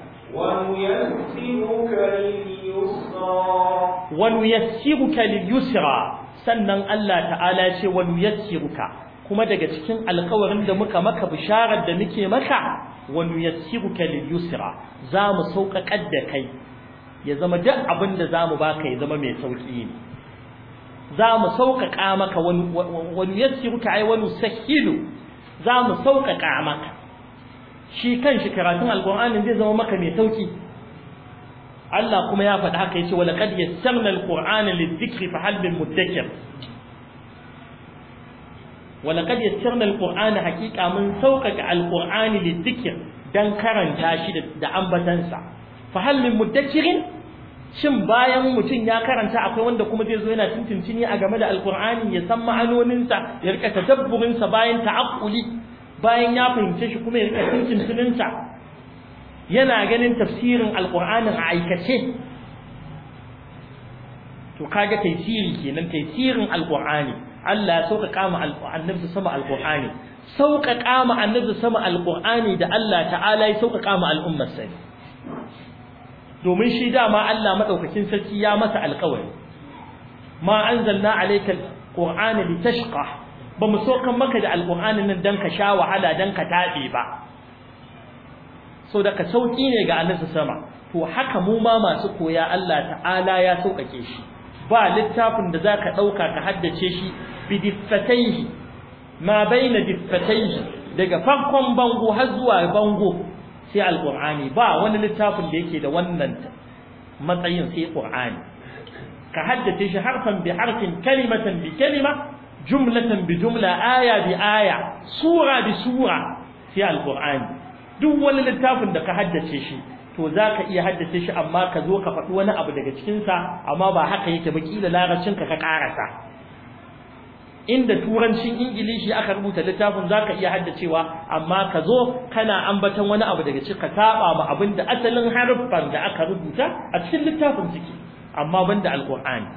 wa nuyassiruka lil-yusra sannan Allah ta'ala ya ce wa nuyassiruka kuma daga cikin alƙawarin da muka maka bisharar da muke maka wa nuyassiruka lil-yusra za mu sauƙaƙar da kai ya zama duk abin da zamu baka ya zama mai sauki ne zamu sauƙaƙa maka wani wani yassiruka ai wani sahilu zamu sauƙaƙa maka shi kanshi karatun alqur'anin zai zama maka mai sauki Allah kuma ya faɗi haka yace wala qad yassarna alqur'ana lidhikri fa hal min mudakkir wala qad yassarna alqur'ana haqiqa mun sauƙaƙa alqur'ani lidhikr dan karanta shi da ambatansa fa hal min muddakirin shin bayan mutum ya karanta akwai wanda kuma zai zo yana tuntuntuni a game da alkur'ani ya san ma'anoninsa ya rika tadabburinsa bayan ta'aqquli bayan ya fahimce shi kuma ya rika tuntuntunin yana ganin tafsirin alqur'anin a aikace to kaga taisiri kenan taisirin alqur'ani Allah ya sauƙaƙa mu annabi sama alqur'ani sauƙaƙa mu annabi sama alqur'ani da Allah ta'ala ya sauƙaƙa mu al'ummar sai domin shi dama Allah madaukakin sarki ya masa alƙawari ma anzalna alayka alqur'ana litashqa Ba mu sokan maka da alqur'anin nan dan ka sha wahala dan ka tabe ba so da ka sauki ne ga annabi sama to haka mu ma masu koya Allah ta'ala ya saukake shi ba littafin da zaka dauka ka haddace shi bidiffatayhi ma baina diffatayhi daga farkon bango har zuwa bango sai Alƙur'ani ba wani littafin da yake da wannan matsayin sai qur'ani ka haddace shi harfan bi harfin kalimatan bi kalima jumlatan bi jumla aya bi aya sura bi sura sai Alƙur'ani. duk wani littafin da ka haddace shi to za ka iya haddace shi amma ka zo ka faɗi wani abu daga cikinsa amma ba haka yake ba kila larabcinka ka ƙarasa inda turancin ingilishi aka rubuta littafin zaka iya haddacewa amma ka zo kana ambaton wani abu daga cikin ka saba ma abin asalin haruffan da aka rubuta a cikin littafin ciki, amma banda alqur'ani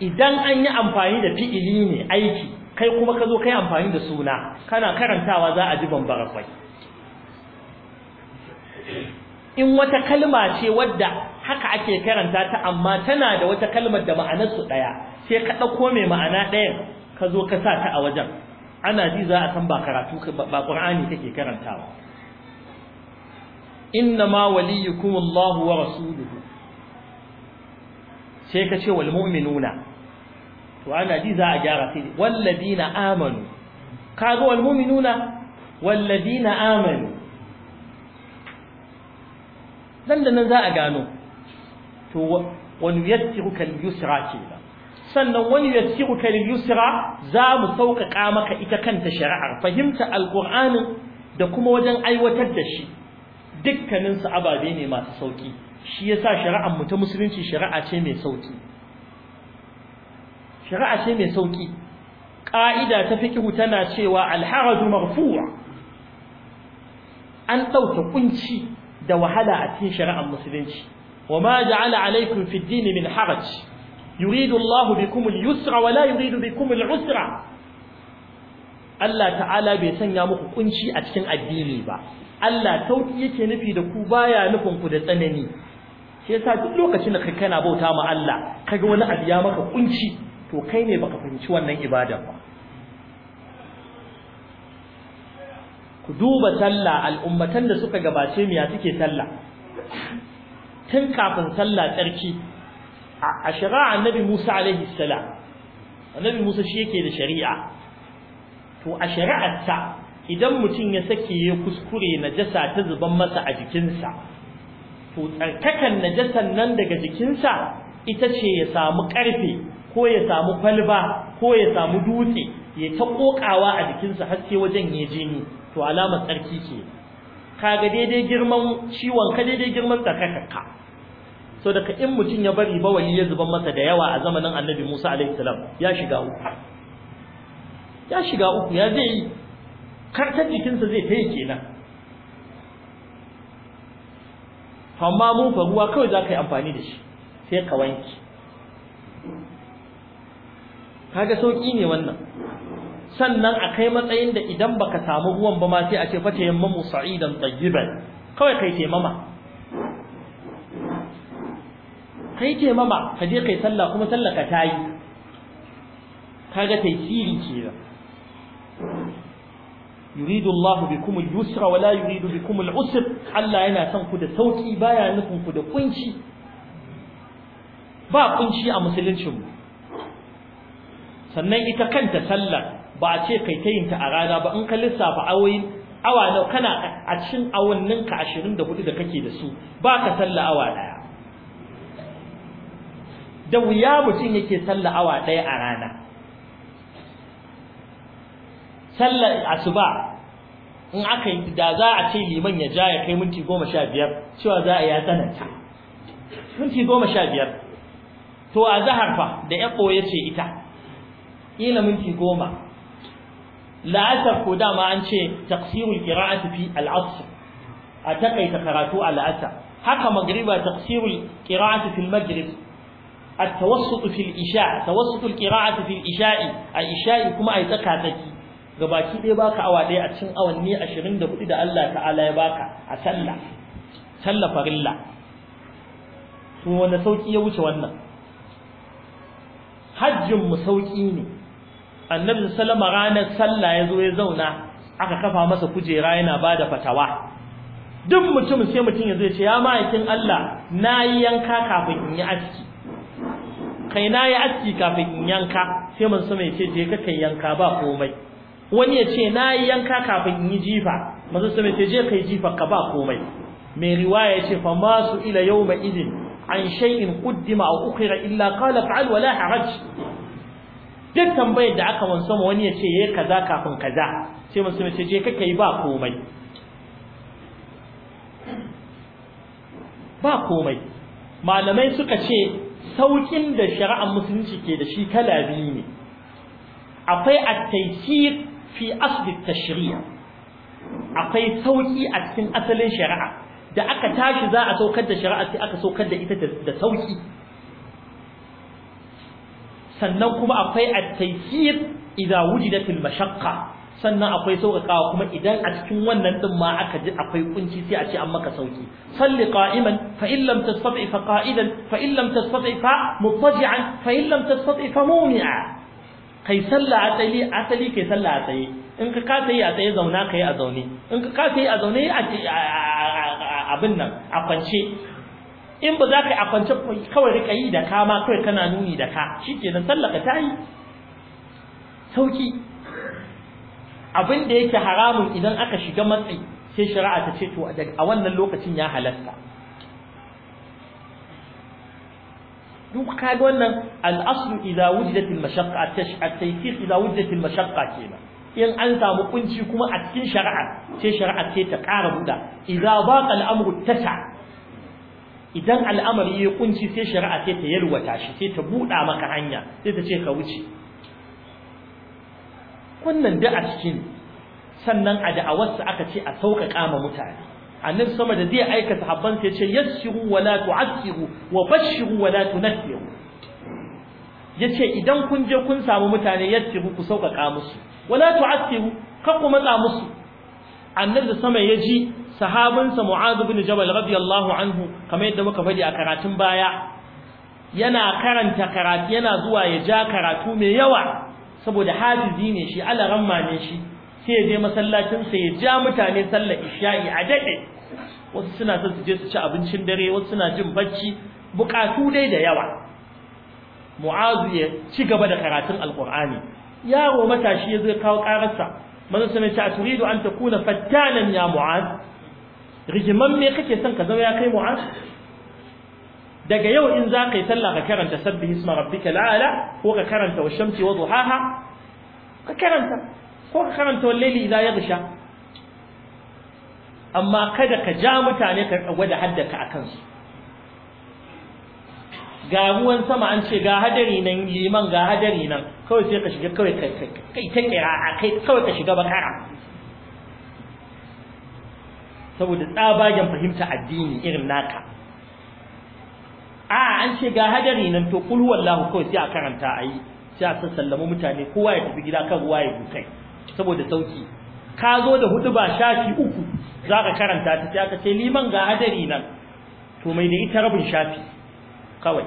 idan an yi amfani da fi'ili ne aiki kai kuma ka zo kai amfani da suna kana karantawa za a ji bambara kwai in wata kalma ce wadda haka ake karanta ta amma tana da wata kalmar da ma'anarsu ɗaya sai ka ɗauko mai ma'ana ɗayan ka zo ka sa ta a wajen ana ji za a san ba karatu ba ƙur'ani take karantawa inna ma waliyukum Allah wa rasuluhu sai ka ce wal mu'minuna to ana ji za a gyara sai walladina amanu Ka ga wal mu'minuna walladina amanu dan da nan za a gano to wani yassiru kal yusra ba, sannan wani yassiru kal yusra za mu sauƙaƙa maka ita kanta shari'ar fahimta alƙur'ani da kuma wajen aiwatar da shi dukkaninsu ababe ne masu sauƙi shi yasa shari'ar mu ta musulunci shari'a ce mai sauƙi shari'a ce mai sauƙi ƙa'ida ta kihu tana cewa alharaju marfu'a an ɗauke kunci da wahala a cikin shari'ar musulunci وما جعل عليكم في الدين من حرج يريد الله بكم اليسر ولا يريد بكم العسر Allah ta'ala bai sanya muku kunci a cikin addini ba Allah sauki yake nufi da ku baya nufin ku da tsanani shi yasa duk lokacin da kai kana bauta ma Allah kaga wani abu ya maka kunci to kai ne baka fahimci wannan ibada ba ku duba sallah al'ummatan da suka gabace miya suke sallah tun kafin sallah tsarki a shari'a annabi Musa alaihi salam annabi Musa shi yake da shari'a to a shari'arsa idan mutum ya sake ya kuskure najasa ta zuban masa a jikinsa to tsarkakan najasan nan daga jikinsa ita ce ya samu karfe ko ya samu kwalba ko ya samu dutse ya ta kokawa a jikinsa haske wajen ya je ni, to alamar tsarki ke kaga daidai girman ciwon ka daidai girman tsarkakarka so daga in mutum ya bari bawali ya zuban masa da yawa a zamanin annabi Musa alaihi salam ya shiga uku ya shiga uku ya zai kartar jikinsa zai ta yi kenan amma mun fa ruwa kawai za ka yi amfani da shi sai ka wanki kaga sauki ne wannan sannan a kai matsayin da idan baka samu ruwan ba ma sai a ce fata yamma musa'idan tayyiban kawai kai taimama kai ke mama ka je kai sallah kuma sallah ka tayi kaga taysiri kenan yuridu Allah bikum al-yusra wa la yuridu bikum al-usr Allah yana son ku da sauki baya nufin ku da kunci ba kunci a musuluncin mu sannan ita kanta sallar ba a ce kai ta ta a rana ba in ka lissafa awoyin awa kana a cikin awannin ka 24 da kake da su ba ka sallah awa daya da wuya mutum yake sallah awa ɗaya a rana sallar asuba in aka yi da za a ce liman ya ja ya kai minti goma sha biyar cewa za a ya tsananta minti goma sha biyar to a zahar fa da ya ɓoye ce ita ƙila minti goma la'asar ko dama an ce taqsirul qira'ati fi al-asr a takaita karatu a la'asar haka magriba taqsirul qira'ati fil maghrib التوسط في الإشاء توسط القراءة في الإشاء الإشاء كما أي تكاتكي gabaki ɗaya baka awa ɗaya a cikin awanni 24 da Allah ta'ala ya baka a sallah sallah farilla to wanda sauki ya wuce wannan hajjin mu sauki ne annabi sallama ranar sallah ya zo ya zauna aka kafa masa kujera yana bada fatawa duk mutum sai mutum ya zo ya ce ya ma'aikin Allah nayi yanka kafin in yi aski kai na ya aski kafin in yanka sai mun sama yace ce je ka kai yanka ba komai wani ya ce na yi yanka kafin in yi jifa manzo sama yace ce je kai jifa ka ba komai mai riwaya yace ce fa masu ila yawma idin an shay'in quddima aw ukhira illa qala fa'al wala haraj duk tambayar da aka wansa ma wani ya ce yayi kaza kafin kaza sai mun sama yace ce je ka kai ba komai ba komai malamai suka ce saukin da shari'ar musulunci ke da shi kala biyu ne akwai at-taysir fi asl at akwai sauki a cikin asalin shari'a da aka tashi za a saukar da shari'a sai aka saukar da ita da sauki sannan kuma akwai at-taysir idza wujidat al-mashaqqa sannan akwai sauƙaƙawa kuma idan a cikin wannan ɗin ma aka ji akwai kunci sai a ce an maka sauki salli qa'iman fa in lam tastati fa qa'idan fa in lam tastati fa mutaji'an fa in lam tastati fa mumi'a kai salla a asali kai salla a tsaye in ka kasa yi a tsaye zauna kai a zaune in ka kasa yi a zaune a abin nan a kwance in ba za ka yi a kwance kawai rika yi da ka ma kawai kana nuni da ka shikenan sallaka ta yi sauki abin da yake haramun idan aka shiga matsi sai shari'a ta ce to a wannan lokacin ya halatta duk kaga wannan al-aslu idza wujidat al-mashaqqa at-tashqiq idza wujidat al-mashaqqa kenan in an samu kunci kuma a cikin shari'a sai shari'a ce ta ƙara buda idza baqa al-amru tasa idan al'amari ya kunci sai shari'a ce ta yalwata shi sai ta buɗa maka hanya sai ta ce ka wuce wannan da a cikin sannan a da'awarsa aka ce a sauƙaƙa ma mutane annabi sama da zai aika sahabban sai ce yassiru wa la tu'assiru wa bashiru wa la tunaffiru yace idan kun je kun samu mutane yassiru ku sauƙaƙa musu wa la tu'assiru ka ku matsa musu annabi sama ya ji sahabinsa mu'adh ibn jabal radiyallahu anhu kamar yadda muka faɗi a karatun baya yana karanta karatu yana zuwa ya ja karatu mai yawa saboda hafizi ne shi alaramma ne shi sai ya je masallacinsa ya ja mutane sallar isha'i a daɗe wasu suna son su je su ci abincin dare wasu suna jin bacci bukatu dai da yawa mu'azu ya ci gaba da karatun alkur'ani yaro matashi ya zai kawo kararsa manzo sai ce an takuna fattanan ya mu'az rigiman me kake son ka zama ya kai mu'az daga yau in za ka yi sallah ka karanta sabbi hisma rabbika la'ala ko ka karanta washamsi wa duhaha ka karanta ko ka karanta wallaili idza yaghsha amma kada ka ja mutane ka gwada haddaka akan su ga ruwan sama an ce ga hadari nan liman ga hadari nan kawai sai ka shiga kawai kai kai ta kira kai kawai ka shiga bakara saboda tsabagen fahimta addini irin naka a an ce ga hadari nan to kul wallahu kawai sai a karanta a sai a sallama mutane kowa ya tafi gida kan ruwa ya buka saboda sauki ka zo da hudu ba shafi uku za ka karanta ta sai aka ce liman ga hadari nan to mai da ita rabin shafi kawai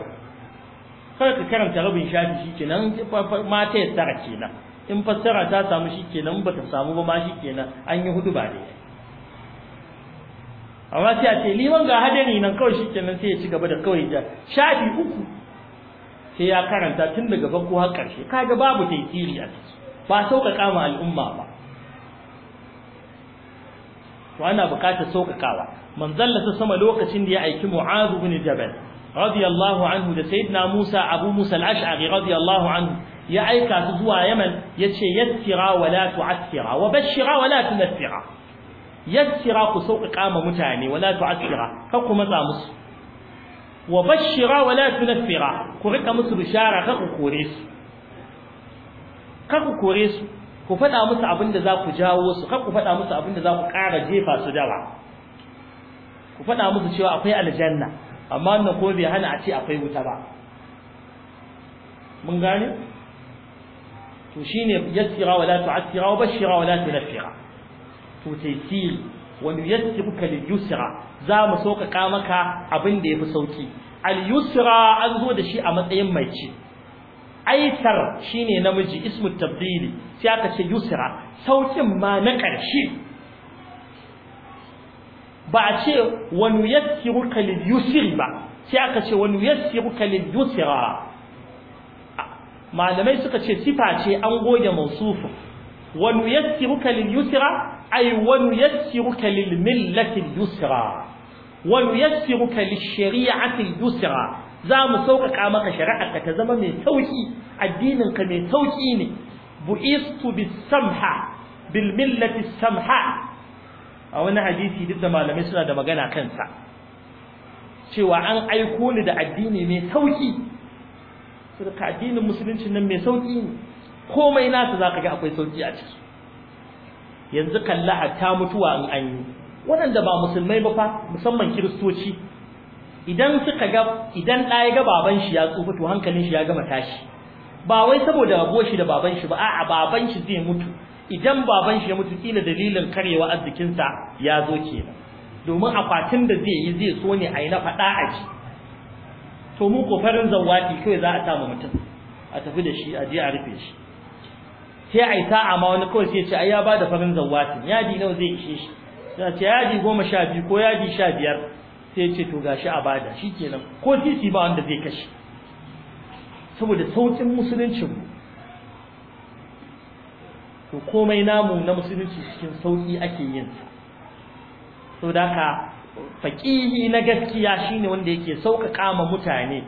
kawai ka karanta rabin shafi shi kenan mata ya tsara kenan in fassara ta samu shi kenan ba ta samu ba ma shi kenan an yi hudu ba da amma sai a ce liman ga hadari nan kawai shikenan sai ya ci gaba da kawai da shafi uku sai ya karanta tun daga farko har karshe kaga babu taikiri a ciki ba sauƙaƙa ma al'umma ba to ana buƙatar sauƙaƙawa manzalla ta sama lokacin da ya aiki mu'azu bin jabal radiyallahu anhu da sayyidina Musa Abu Musa al-Ash'ari radiyallahu anhu ya aika su zuwa Yaman yace yassira wa la tu'assira wa bashira wa la tunassira yassira ku sauƙaƙa ma mutane wala tu'assira kar ku matsa musu wa bashira wala tunaffira ku rika musu bishara ka ku kore su kar ku kore su ku faɗa musu abin da za ku jawo su kar ku faɗa musu abin da za ku ƙara jefa su dawa ku faɗa musu cewa akwai aljanna amma wannan ko bai hana a ce akwai wuta ba mun gane to shine yassira wala tu'assira wa bashira wala tunaffira to taysiri wa nuyassiruka lil yusra za mu sauƙaƙa maka abin da yafi sauki al yusra an zo da shi a matsayin mai ci aitar ne namiji ismu tabdili sai aka ce yusra saukin ma na ƙarshe ba a ce wa nuyassiruka lil yusri ba sai aka ce wa nuyassiruka lil yusra malamai suka ce sifa ce an goge mausufin wani nuyassiruka lil yusra ay wa nuyassiruka lil millati yusra wa nuyassiruka lish shari'ati yusra za mu sauƙaƙa maka shari'a ka ta zama mai sauƙi addininka mai sauƙi ne bu'istu bis samha bil millati samha a wani hadisi duk da malamai suna da magana kansa cewa an aiko ni da addini mai sauƙi saboda addinin musulunci nan mai sauƙi ne komai nasa zaka ga akwai sauki a ciki yanzu kalla ta mutuwa in an yi waɗanda ba musulmai ba fa musamman kiristoci idan suka ga idan ɗa ya ga baban shi ya tsufa to hankalin shi ya gama tashi ba wai saboda rabuwar shi da baban shi ba a'a baban shi zai mutu idan baban shi ya mutu kila dalilin karyewa arzikinsa ya zo kenan domin akwatin da zai yi zai so ne a yi na faɗa a ji to mu kofarin zawadi kawai za a samu mutum a tafi da shi a je a rufe shi sai ai sa'a ma wani kawai sai ya ce ai ya bada farin zawatin yadi nawa zai ishe shi sai ce yadi goma sha biyu ko yadi sha biyar sai ya ce to gashi a bada shikenan ko titi ba wanda zai kashe saboda saukin musulunci to komai namu na musulunci cikin sauki ake yin sa saboda haka faqihi na gaskiya shine wanda yake sauka ma mutane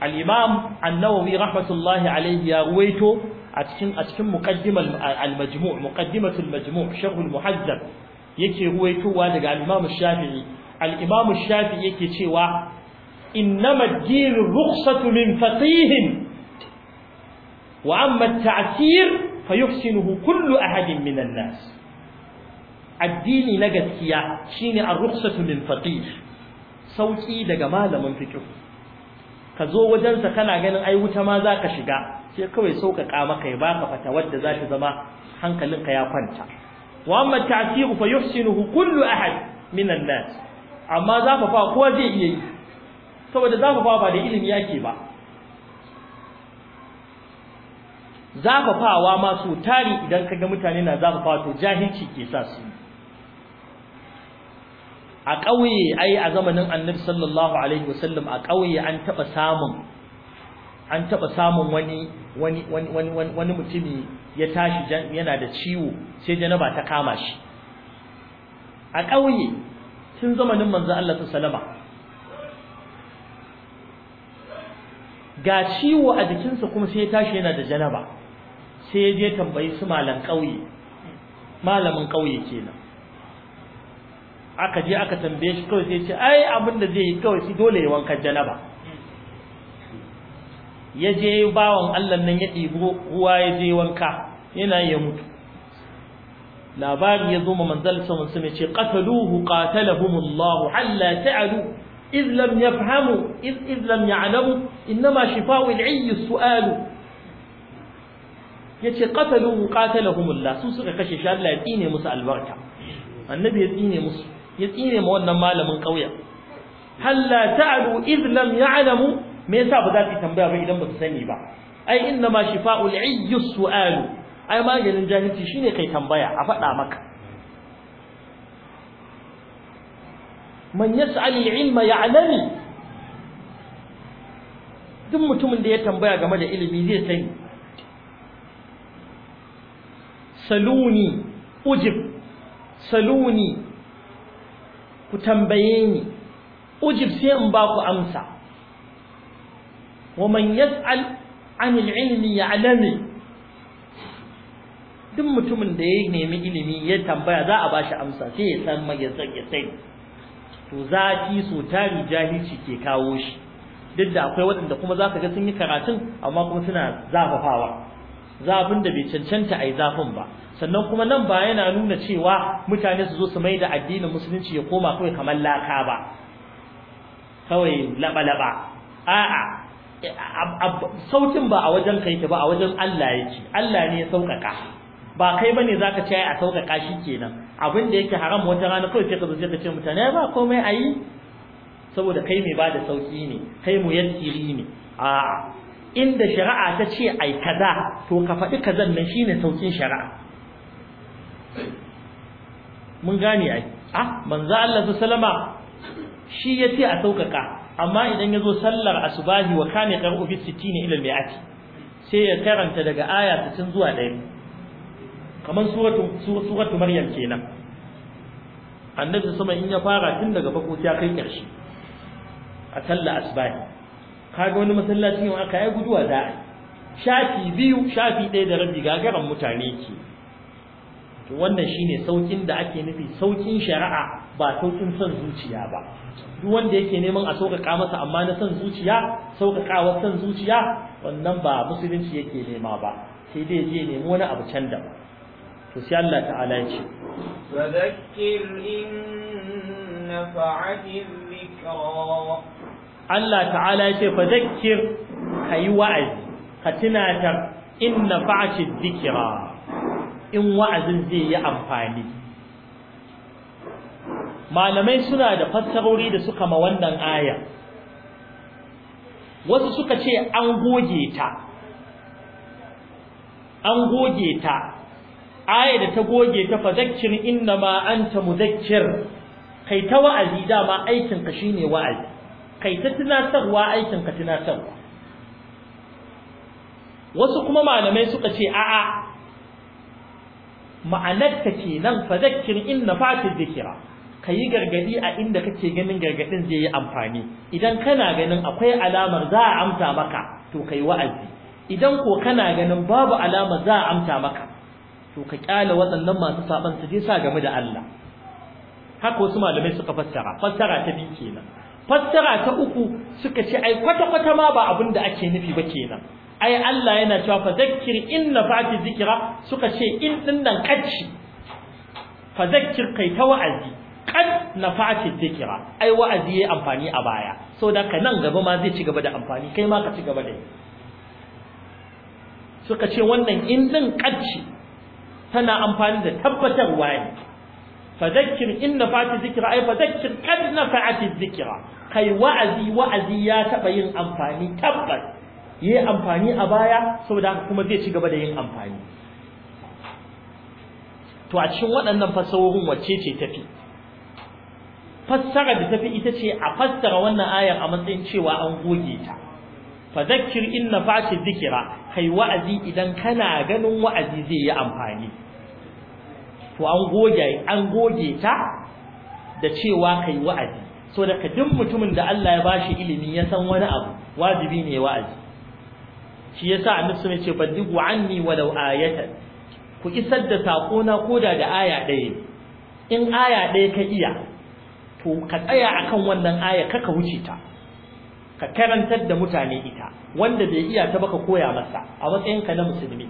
al-imam an-nawawi rahmatullahi alayhi ya ruwaito a cikin a cikin muqaddimal al-majmu' muqaddimatul majmu' sharh al-muhazzab yake ruwaitowa daga al-imam shafi'i al-imam shafi'i yake cewa innama ad-din rukhsatu min fatihin wa amma at-ta'sir fayuhsinuhu kullu ahadin min an-nas addini na gaskiya shine ar-rukhsatu min fatih sauki daga malamin fiqh ka zo wajensa kana ganin ai wuta ma za ka shiga sai kawai sauƙaƙa maka ya baka fata wadda za ta zama hankalinka ya kwanta wa amma ta'siru fa yuhsinuhu kullu ahad minan nas amma za ka fa kowa zai iya yi saboda za ka fa ba da ilimi yake ba Za ka zafafawa ma su tari idan ka ga mutane na za ka fa to jahilci ke sa su a ƙauye ai a zamanin annabi sallallahu alaihi wasallam a ƙauye an taɓa samun an taba samun wani wani wani wani wani mutumi ya tashi yana da ciwo sai janaba ta kama shi a ƙauye tun zamanin manzo Allah sallama ga ciwo a jikinsa kuma sai ya tashi yana da janaba sai ya je tambayi su malam ƙauye malamin ƙauye kenan aka je aka tambaye shi kawai sai ce ai abin da zai yi kawai shi dole ya wanka janaba ya je bawan Allah nan ya ɗibo ruwa ya je wanka yana ya mutu labari ya zo ma manzal sama sun ce qataluhu qatalahumullahu alla ta'alu إذ لم يفهموا إذ, إذ لم يعلموا إنما شفاء العي السؤال yace qataluhu qatalahumullah su suka kashe shi Allah ya tsine musu albarka annabi ya tsine musu ya tsine ma wannan malamin ƙauyen halla ta'alu iz lam ya'lamu me yasa ba za su tambaya ba idan ba su sani ba ai inna ma shifa'ul ayyi su'alu ai maganin jahilci shine kai tambaya a faɗa maka man yas'al ilma ya'lami duk mutumin da ya tambaya game da ilimi zai sani saluni ujib saluni ku tambaye ni ujib sai in ba ku amsa wa man yas'al anil ilmi duk mutumin da ya nemi ilimi ya tambaya za a ba shi amsa sai ya san ya sai to zafi so tari jahilci ke kawo shi duk da akwai waɗanda kuma za ka ga sun yi karatun amma kuma suna zafafawa zafin da bai cancanta a yi zafin ba sannan kuma nan ba yana nuna cewa mutane su zo su mai da addinin musulunci ya koma kawai kamar laka ba kawai laɓa-laɓa. a'a sautin ba a wajen kai ba a wajen Allah yake Allah ne ya sauƙaƙa ba kai bane zaka ce a sauƙaƙa shi kenan abin da yake haram wata rana kawai sai ka zo ka ce mutane ba komai ayi saboda kai mai bada sauki ne kai mu yassiri ne a'a inda shari'a ta ce ai kaza to ka faɗi kazan nan ne saukin shari'a mun gane ai ah manzo Allah sallama shi yace a saukaka amma idan yazo sallar asubahi wa kana qara'u fi sittini ila al-mi'ati sai ya karanta daga aya tun zuwa dai kamar suratu suratu maryam kenan annabi sama in ya fara tun daga bako ta kai karshe a sallar asubahi kaga wani masallaci yau aka yi guduwa da shafi biyu shafi ɗaya da rabi gagaran mutane ke to wannan shine saukin da ake nufi saukin shari'a ba saukin son zuciya ba duk wanda yake neman a sauƙaƙa masa amma na son zuciya sauƙaƙawa son zuciya wannan ba musulunci yake nema ba sai dai je nemi wani abu can da to sai Allah ta'ala ya ce fadhakkir in nafa'ati dhikra Allah ta'ala ya ce fadhakkir kayi wa'azi ka tunatar in nafa'ati dhikra in wa'azin zai yi amfani malamai suna da fassarori da suka ma wannan aya wasu suka ce an goge ta an goge ta aya da ta goge ta fadakkir inna ma anta mudakkir kai ta wa'azi dama aikin ka shine wa'azi kai ta tunatarwa aikin ka tunatarwa wasu kuma malamai suka ce a'a ma'anarta nan fa zakkir in nafati dhikra kayi gargadi a inda kake ganin gargadin zai yi amfani idan kana ganin akwai alamar za a amsa maka to kai wa'azi idan ko kana ganin babu alamar za a amsa maka to ka kyale waɗannan masu saban su je sa game da Allah haka wasu malamai suka fassara fassara ta biyu kenan fassara ta uku suka ce ai kwata kwata ma ba abin da ake nufi ba kenan ai Allah yana cewa fa zakkir in nafati zikira suka ce in din nan kacci fa zakkir kai ta wa'azi kad nafati zikira ai wa'azi yayi amfani a baya so da ka nan gaba ma zai ci gaba da amfani kai ma ka ci gaba da suka ce wannan in din kacci tana amfani da tabbatar ne fa zakkir in nafati zikira ai fa zakkir kad nafati zikira kai wa'azi wa'azi ya taba yin amfani tabbas yi amfani a baya saboda haka kuma zai ci gaba da yin amfani to a cikin waɗannan fasahohin wacce ce tafi fassara da tafi ita ce a fassara wannan ayar a matsayin cewa an goge ta fadhakkir in nafati dhikra kai wa'azi idan kana ganin wa'azi zai yi amfani to an goge ta da cewa kai wa'azi so da duk mutumin da Allah ya bashi ilimi ya san wani abu wajibi ne wa'azi shi yasa annabi sun ce ballighu anni walau ayatan ku isar da sako na koda da aya ɗaya in aya ɗaya ka iya to ka tsaya akan wannan aya kaka wuce ta ka karantar da mutane ita wanda bai iya ta baka koya masa a matsayin ka na musulmi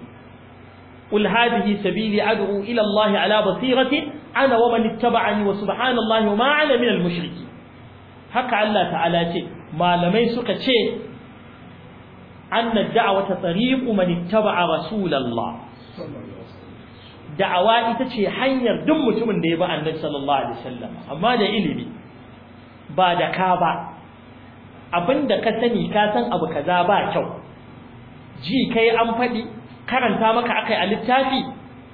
قل هذه سبيلي أدعو إلى الله على بصيرة أنا ومن اتبعني وسبحان الله وما أنا من المشركين haka Allah ta'ala ce malamai suka ce An أن الدعوة طريق من اتبع رسول الله دعوة تتشي حير دم تمن ديبا النبي صلى الله عليه وسلم أما دا إلمي بعد كابا abinda ka sani ka san abu kaza ba kyau ji kai an faɗi karanta maka akai a littafi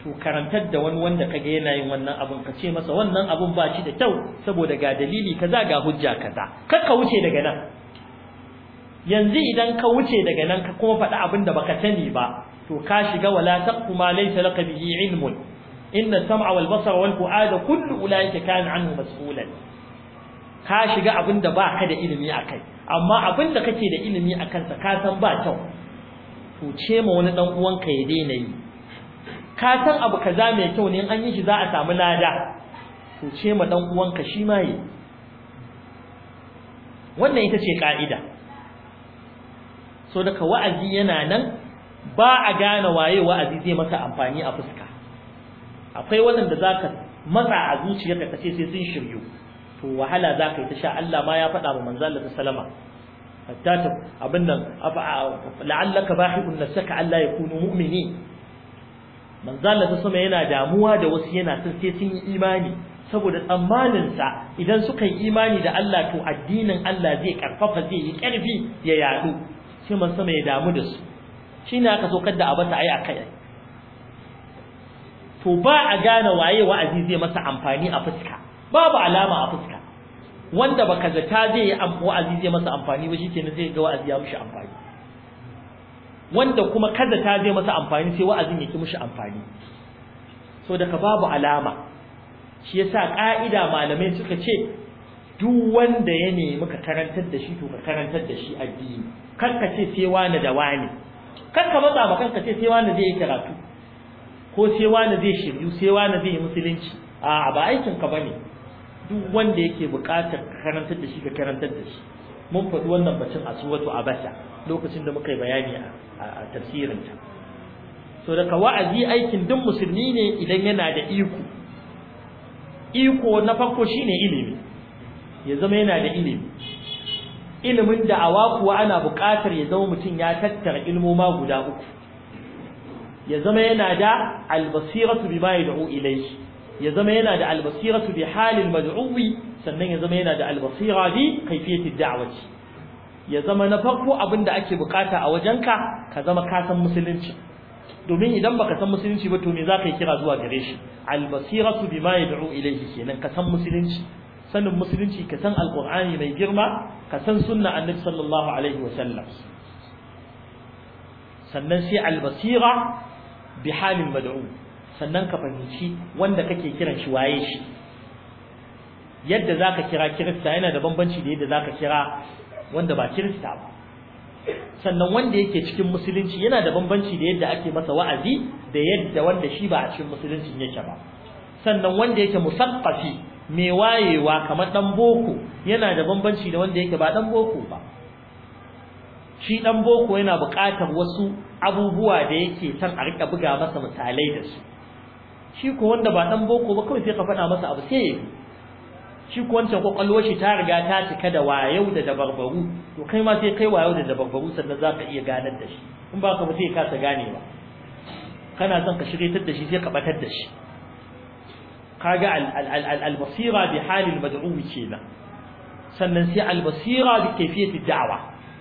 to karantar da wani wanda ga yana yin wannan abun ka ce masa wannan abun ba shi da kyau saboda ga dalili kaza ga hujja kaza kar ka wuce daga nan yanzu idan ka wuce daga nan ka kuma faɗi abin da baka sani ba to ka shiga wala taqfu ma laysa laka bihi ilmun inna sam'a wal basara wal fu'ada kullu ulaika kana anhu mas'ulan ka shiga abin da baka da ilimi akai amma abin da kake da ilimi akan sa ka san ba kyau to ce ma wani dan uwanka ya daina yi ka san abu kaza mai kyau ne in an yi shi za a samu lada to ce ma dan uwanka shi ma yi wannan ita ce ka'ida so daga wa'azi yana nan ba a gane waye wa'azi zai maka amfani a fuska akwai waɗanda za ka matsa a zuciyarka ka ce sai sun shiryu to wahala za ka yi ta sha Allah ma ya faɗa wa da ta salama hatta abin nan la'allaka bahikun saka Allah ya kunu mu'mini manzala ta sama yana damuwa da wasu yana sun sai sun yi imani saboda tsammaninsa idan suka yi imani da Allah to addinin Allah zai karfafa zai yi karfi ya yadu shi man sama ya damu da su Shi ne aka so kadda abata ai akai to ba a gane waye wa'azi zai masa amfani a fuska babu alama a fuska wanda baka zata zai yi wa'azi zai masa amfani ba shi shikenan zai ga wa'azi ya mushi amfani wanda kuma kada ta zai masa amfani sai wa'azin ki mushi amfani so daga babu alama shi yasa ka'ida malamai suka ce duk wanda ya nemi ka karantar da shi to ka karantar da shi addini karka ce sai wani da wani Karka ka ba kanka ce sai wani zai yi karatu ko sai wani zai shiryu sai wani zai yi musulunci a ba aikin ka bane duk wanda yake buƙatar ka karantar da shi ka karantar da shi mun faɗi wannan bacin a suratu abasa lokacin da muka yi bayani a tafsirin ta so daga wa'azi aikin duk musulmi ne idan yana da iko iko na farko shine ilimi ya zama yana da ilimi ilimin da'awa kuwa ana buƙatar ya zama mutum ya tattara ilmoma guda uku ya zama yana da albasiratu bima yad'u ilayhi ya zama yana da albasiratu bi halil mad'uwi sannan ya zama yana da albasira bi kayfiyati da'wati ya zama na farko abinda ake bukata a wajenka ka zama ka san musulunci domin idan baka san musulunci ba to me zaka yi kira zuwa gare shi albasiratu bima yad'u ilayhi kenan ka san musulunci sanin musulunci ka san alqur'ani mai girma ka san sunna annabi sallallahu alaihi wa sallam sannan sai albasira bi halin mad'u sannan ka fahimci wanda kake kiran shi waye shi yadda zaka kira kirista yana da bambanci da yadda zaka kira wanda ba kirista ba sannan wanda yake cikin musulunci yana da bambanci da yadda ake masa wa'azi da yadda wanda shi ba a cikin musulunci yake ba sannan wanda yake musaqqafi mai wayewa kamar dan boko yana da bambanci da wanda yake ba dan boko ba shi dan boko yana buƙatar wasu abubuwa da yake san a rika buga masa misalai da su shi ko wanda ba dan boko ba kawai sai ka faɗa masa abu sai shi ko wancan kwakwalwar shi ta riga ta cika da wayau da dabarbaru to kai ma sai kai wayau da dabarbaru sannan za ka iya ganar da shi in ba ka ba sai ka kasa gane ba kana son ka shiryatar da shi sai ka batar da shi kaga al-basira bi halil mad'u kenan sannan sai al-basira bi kayfiyati da'wa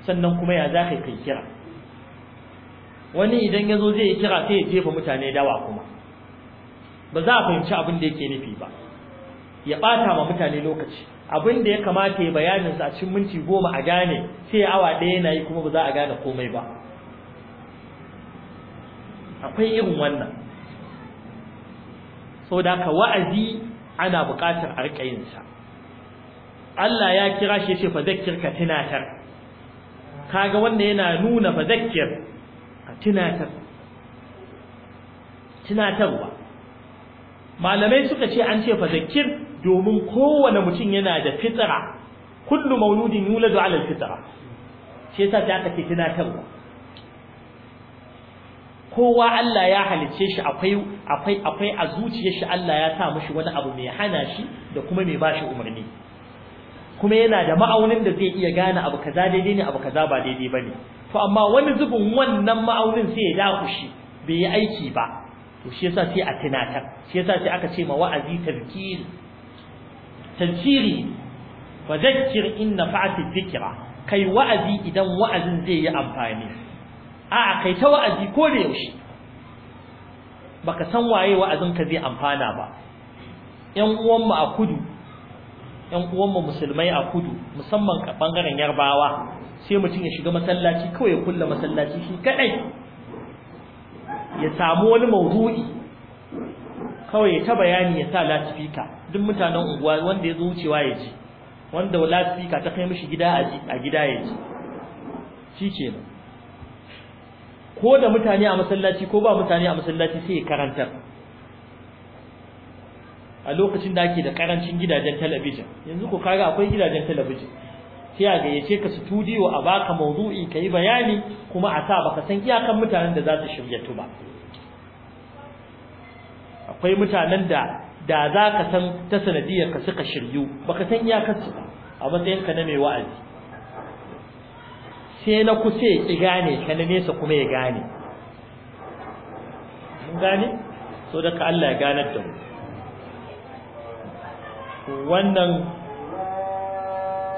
sannan kuma ya zaka kai kira wani idan yazo zai kira sai ya jefa mutane dawa kuma ba za a fahimci abin da yake nufi ba ya bata ma mutane lokaci abin da ya kamata ya bayanin sa a cikin minti goma a gane sai awa ɗaya yana yi kuma ba za a gane komai ba akwai irin wannan Sau da ka wa'azi ana buƙatar a riƙa Allah ya kira shi yace fa zakkir ka tunatar kaga wannan yana nuna fa zakkir ka tunatar tunatarwa malamai suka ce an ce fa zakkir domin kowane mutum yana da fitra kullu mauludin da Alal alfitra shi yasa ta ka ke tunatarwa kowa Allah ya halice shi akwai akwai a zuciyar shi Allah ya sa mishi wani abu mai hana shi da kuma mai ba shi umarni kuma yana da ma'aunin da zai iya gane abu kaza daidai ne abu kaza ba daidai bane to amma wani zubin wannan ma'aunin sai ya dakushi bai yi aiki ba to shi yasa sai a tunatar shi yasa sai aka ce ma wa'azi tafkir tafsiri fa zakkir in nafa'ati dhikra kai wa'azi idan wa'azin zai yi amfani a'a kai ta wa'azi ko da yaushe baka san waye wa'azin ka zai amfana ba ƴan uwanmu a kudu ƴan uwanmu musulmai a kudu musamman bangaren yarbawa sai mutum ya shiga masallaci kawai ya kulla masallaci shi kadai ya samu wani mawdu'i kawai ya ta bayani ya sa latifika, duk mutanen unguwa wanda ya zo wucewa ya ji wanda latifika ta kai mishi gida a gida ya ji shi kenan ko da mutane a masallaci ko ba mutane a masallaci sai ya karanta a lokacin da ake da karancin gidajen talabijin yanzu ko kaga akwai gidajen talabijin sai a gayyace ka studio a baka mawdu'i kai bayani kuma a sa baka san iyakan mutanen da za su shirya ba akwai mutanen da da za ka san ta sanadiyar ka suka shiryu baka san iyakansu ba a matsayin ka na mai wa'azi sai na kusa ya ki gane ka na nesa kuma ya gane mun gane so da ka Allah ya ganar da mu wannan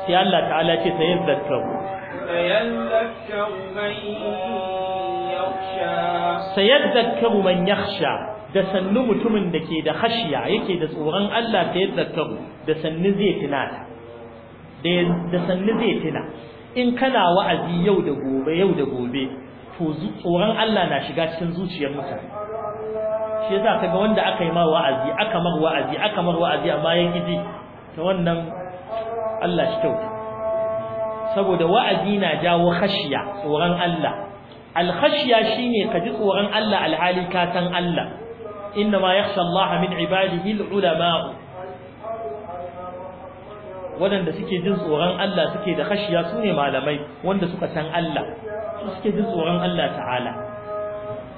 sai Allah ta'ala ce sai yin zakkaru sayadzakkaru man yakhsha da sannu mutumin da ke da hashiya yake da tsoron Allah sayadzakkaru da sannu zai tuna da sannu zai tuna in kana wa'azi yau da gobe yau da gobe to tsoron Allah na shiga cikin zuciyar mutane shi yasa ga wanda aka yi ma wa'azi aka mar wa'azi aka mar wa'azi amma ya gidi ta wannan Allah shi kyau saboda wa'azi na jawo khashiya tsoron Allah al-khashiya shine ka ji tsoron Allah alhali ka san Allah inna ma yakhsha Allah min ibadihi al-ulama waɗanda suke jin tsoron Allah suke da khashiya su ne malamai wanda suka san Allah suke jin tsoron Allah ta'ala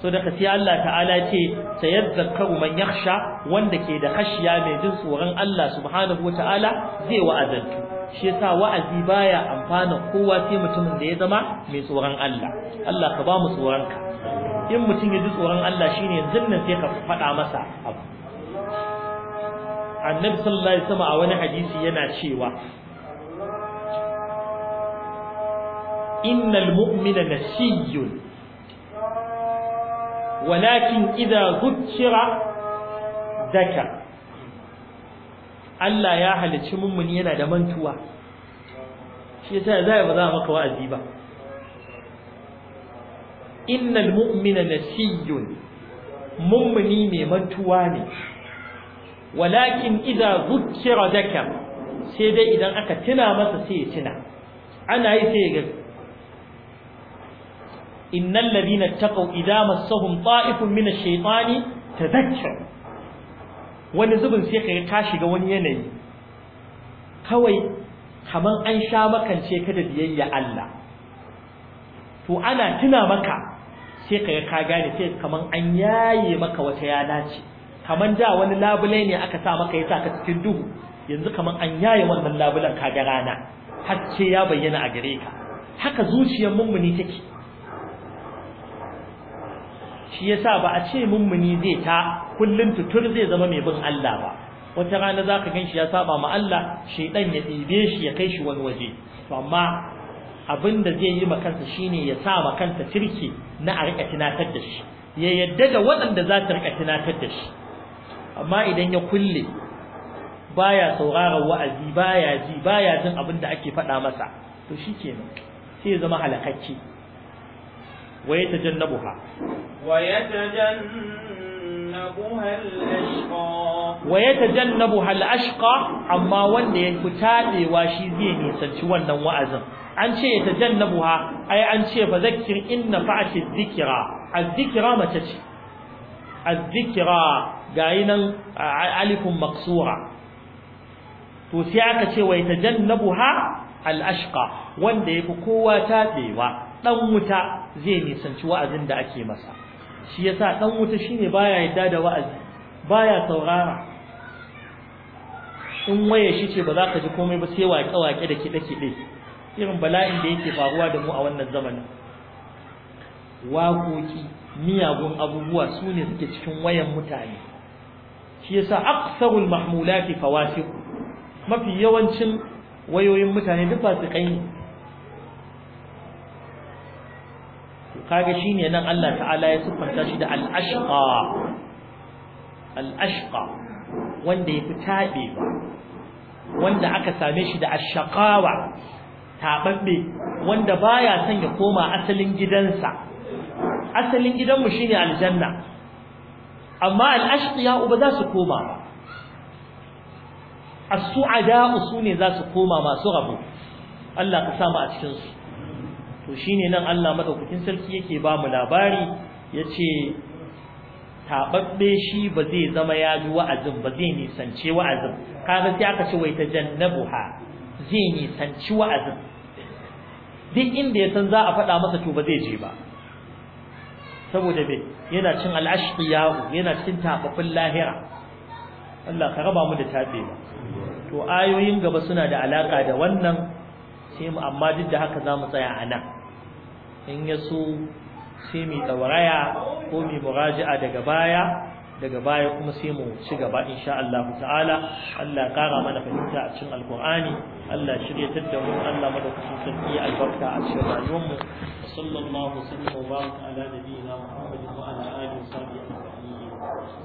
so da kasi Allah ta'ala ce sayadzakaru man yakhsha wanda ke da kashiya mai jin tsoron Allah subhanahu wata'ala zai wa'azantu shi yasa wa'azi baya amfana kowa sai mutumin da ya zama mai tsoron Allah Allah ka ba mu tsoron ka in mutum ya ji tsoron Allah shine yanzu nan sai ka faɗa masa abu annabi sallallahu alaihi wasallam a wani hadisi yana cewa innal mu'mina nasiyyun walakin idza dhukira daka Allah ya halicci mummuni yana da mantuwa shi yasa zai ba za maka wa'azi ba innal mu'mina nasiyyun mummuni mai mantuwa ne walakin idza zukira zakar sai dai idan aka tuna masa sai ya tuna ana yi sai ya ga innal ladina taqaw idza massahum ta'ifun min ash-shaytani tadhakkar wani zubin sai kai ka shiga wani yanayi kawai kaman an sha makance ka da biyayya Allah to ana tuna maka sai kai ka gane sai kaman an yaye maka wata yana ce kaman da wani labule ne aka sa maka ya sa ka cikin duhu yanzu kaman an yaye wannan labulan ka ga rana ce ya bayyana a gare ka haka zuciyar mummuni take shi yasa ba a ce mummuni zai ta kullum tutur zai zama mai bin Allah ba wata rana zaka ganshi ya saba ma Allah shedan ya ɗebe shi ya kai shi wani waje to amma abin da zai yi ma kansa shine ya sa ma kansa cirki na a tinatar da shi ya yadda da waɗanda za ta rika tinatar da shi amma idan ya kulle baya sauraron wa'azi baya ji baya jin abin da ake faɗa masa to shikenan sai ya zama halakacce wa yatajannabuha wa yatajannabuha al-ashqa wa yatajannabuha al-ashqa amma wanda ya kutadewa shi zai nisanci wannan wa'azin an ce ya yatajannabuha ai an ce fa zakkir inna fa'ati dhikra az-dhikra mace ce az-dhikra gayi nan alifun maksura to sai aka ce wai tajannabuha al-ashqa wanda yafi kowa tsewa dan wuta zai nisanci wa'azin da ake masa shi yasa dan wuta shine baya yadda da wa'azi baya saurara in waye shi ce ba za ka ji komai ba sai waƙe-waƙe da kiɗe-kiɗe irin bala'in da yake faruwa da mu a wannan zamanin Wakoki miyagun abubuwa su ne suke cikin wayan mutane shi yasa aksarul mahmulati fawasiq mafi yawancin wayoyin mutane duk fasikai ne kaga shine nan Allah ta'ala ya siffanta shi da al-ashqa al-ashqa wanda ya fitabe ba wanda aka same shi da ashqawa tababbe wanda baya son ya koma asalin gidansa asalin gidanmu shine aljanna amma al-ashqiya ba za su koma ba as-su'ada su ne za su koma masu rabo Allah ka samu a cikin su to shine nan Allah madaukakin sarki yake ba mu labari yace tababbe shi ba zai zama ya ji wa'azin ba zai nisance wa'azin kaga sai aka ce wai ta jannabuha zai nisanci wa'azin duk inda ya san za a faɗa masa to ba zai je ba saboda bai yana cin al-ashqiya yana cin tafafin lahira Allah ka raba mu da tabe ba to ayoyin gaba suna da alaka da wannan sai mu amma duk da haka zamu tsaya a nan in ya so sai mu tsawaraya ko mu muraji'a daga baya daga baya kuma sai mu ci gaba insha Allah ta'ala Allah ya kara mana fahimta a cikin alqur'ani Allah ya shiryatar da mu Allah madaukakin sarki albarka a cikin rayuwar mu sallallahu alaihi wa sallam ala nabiyyi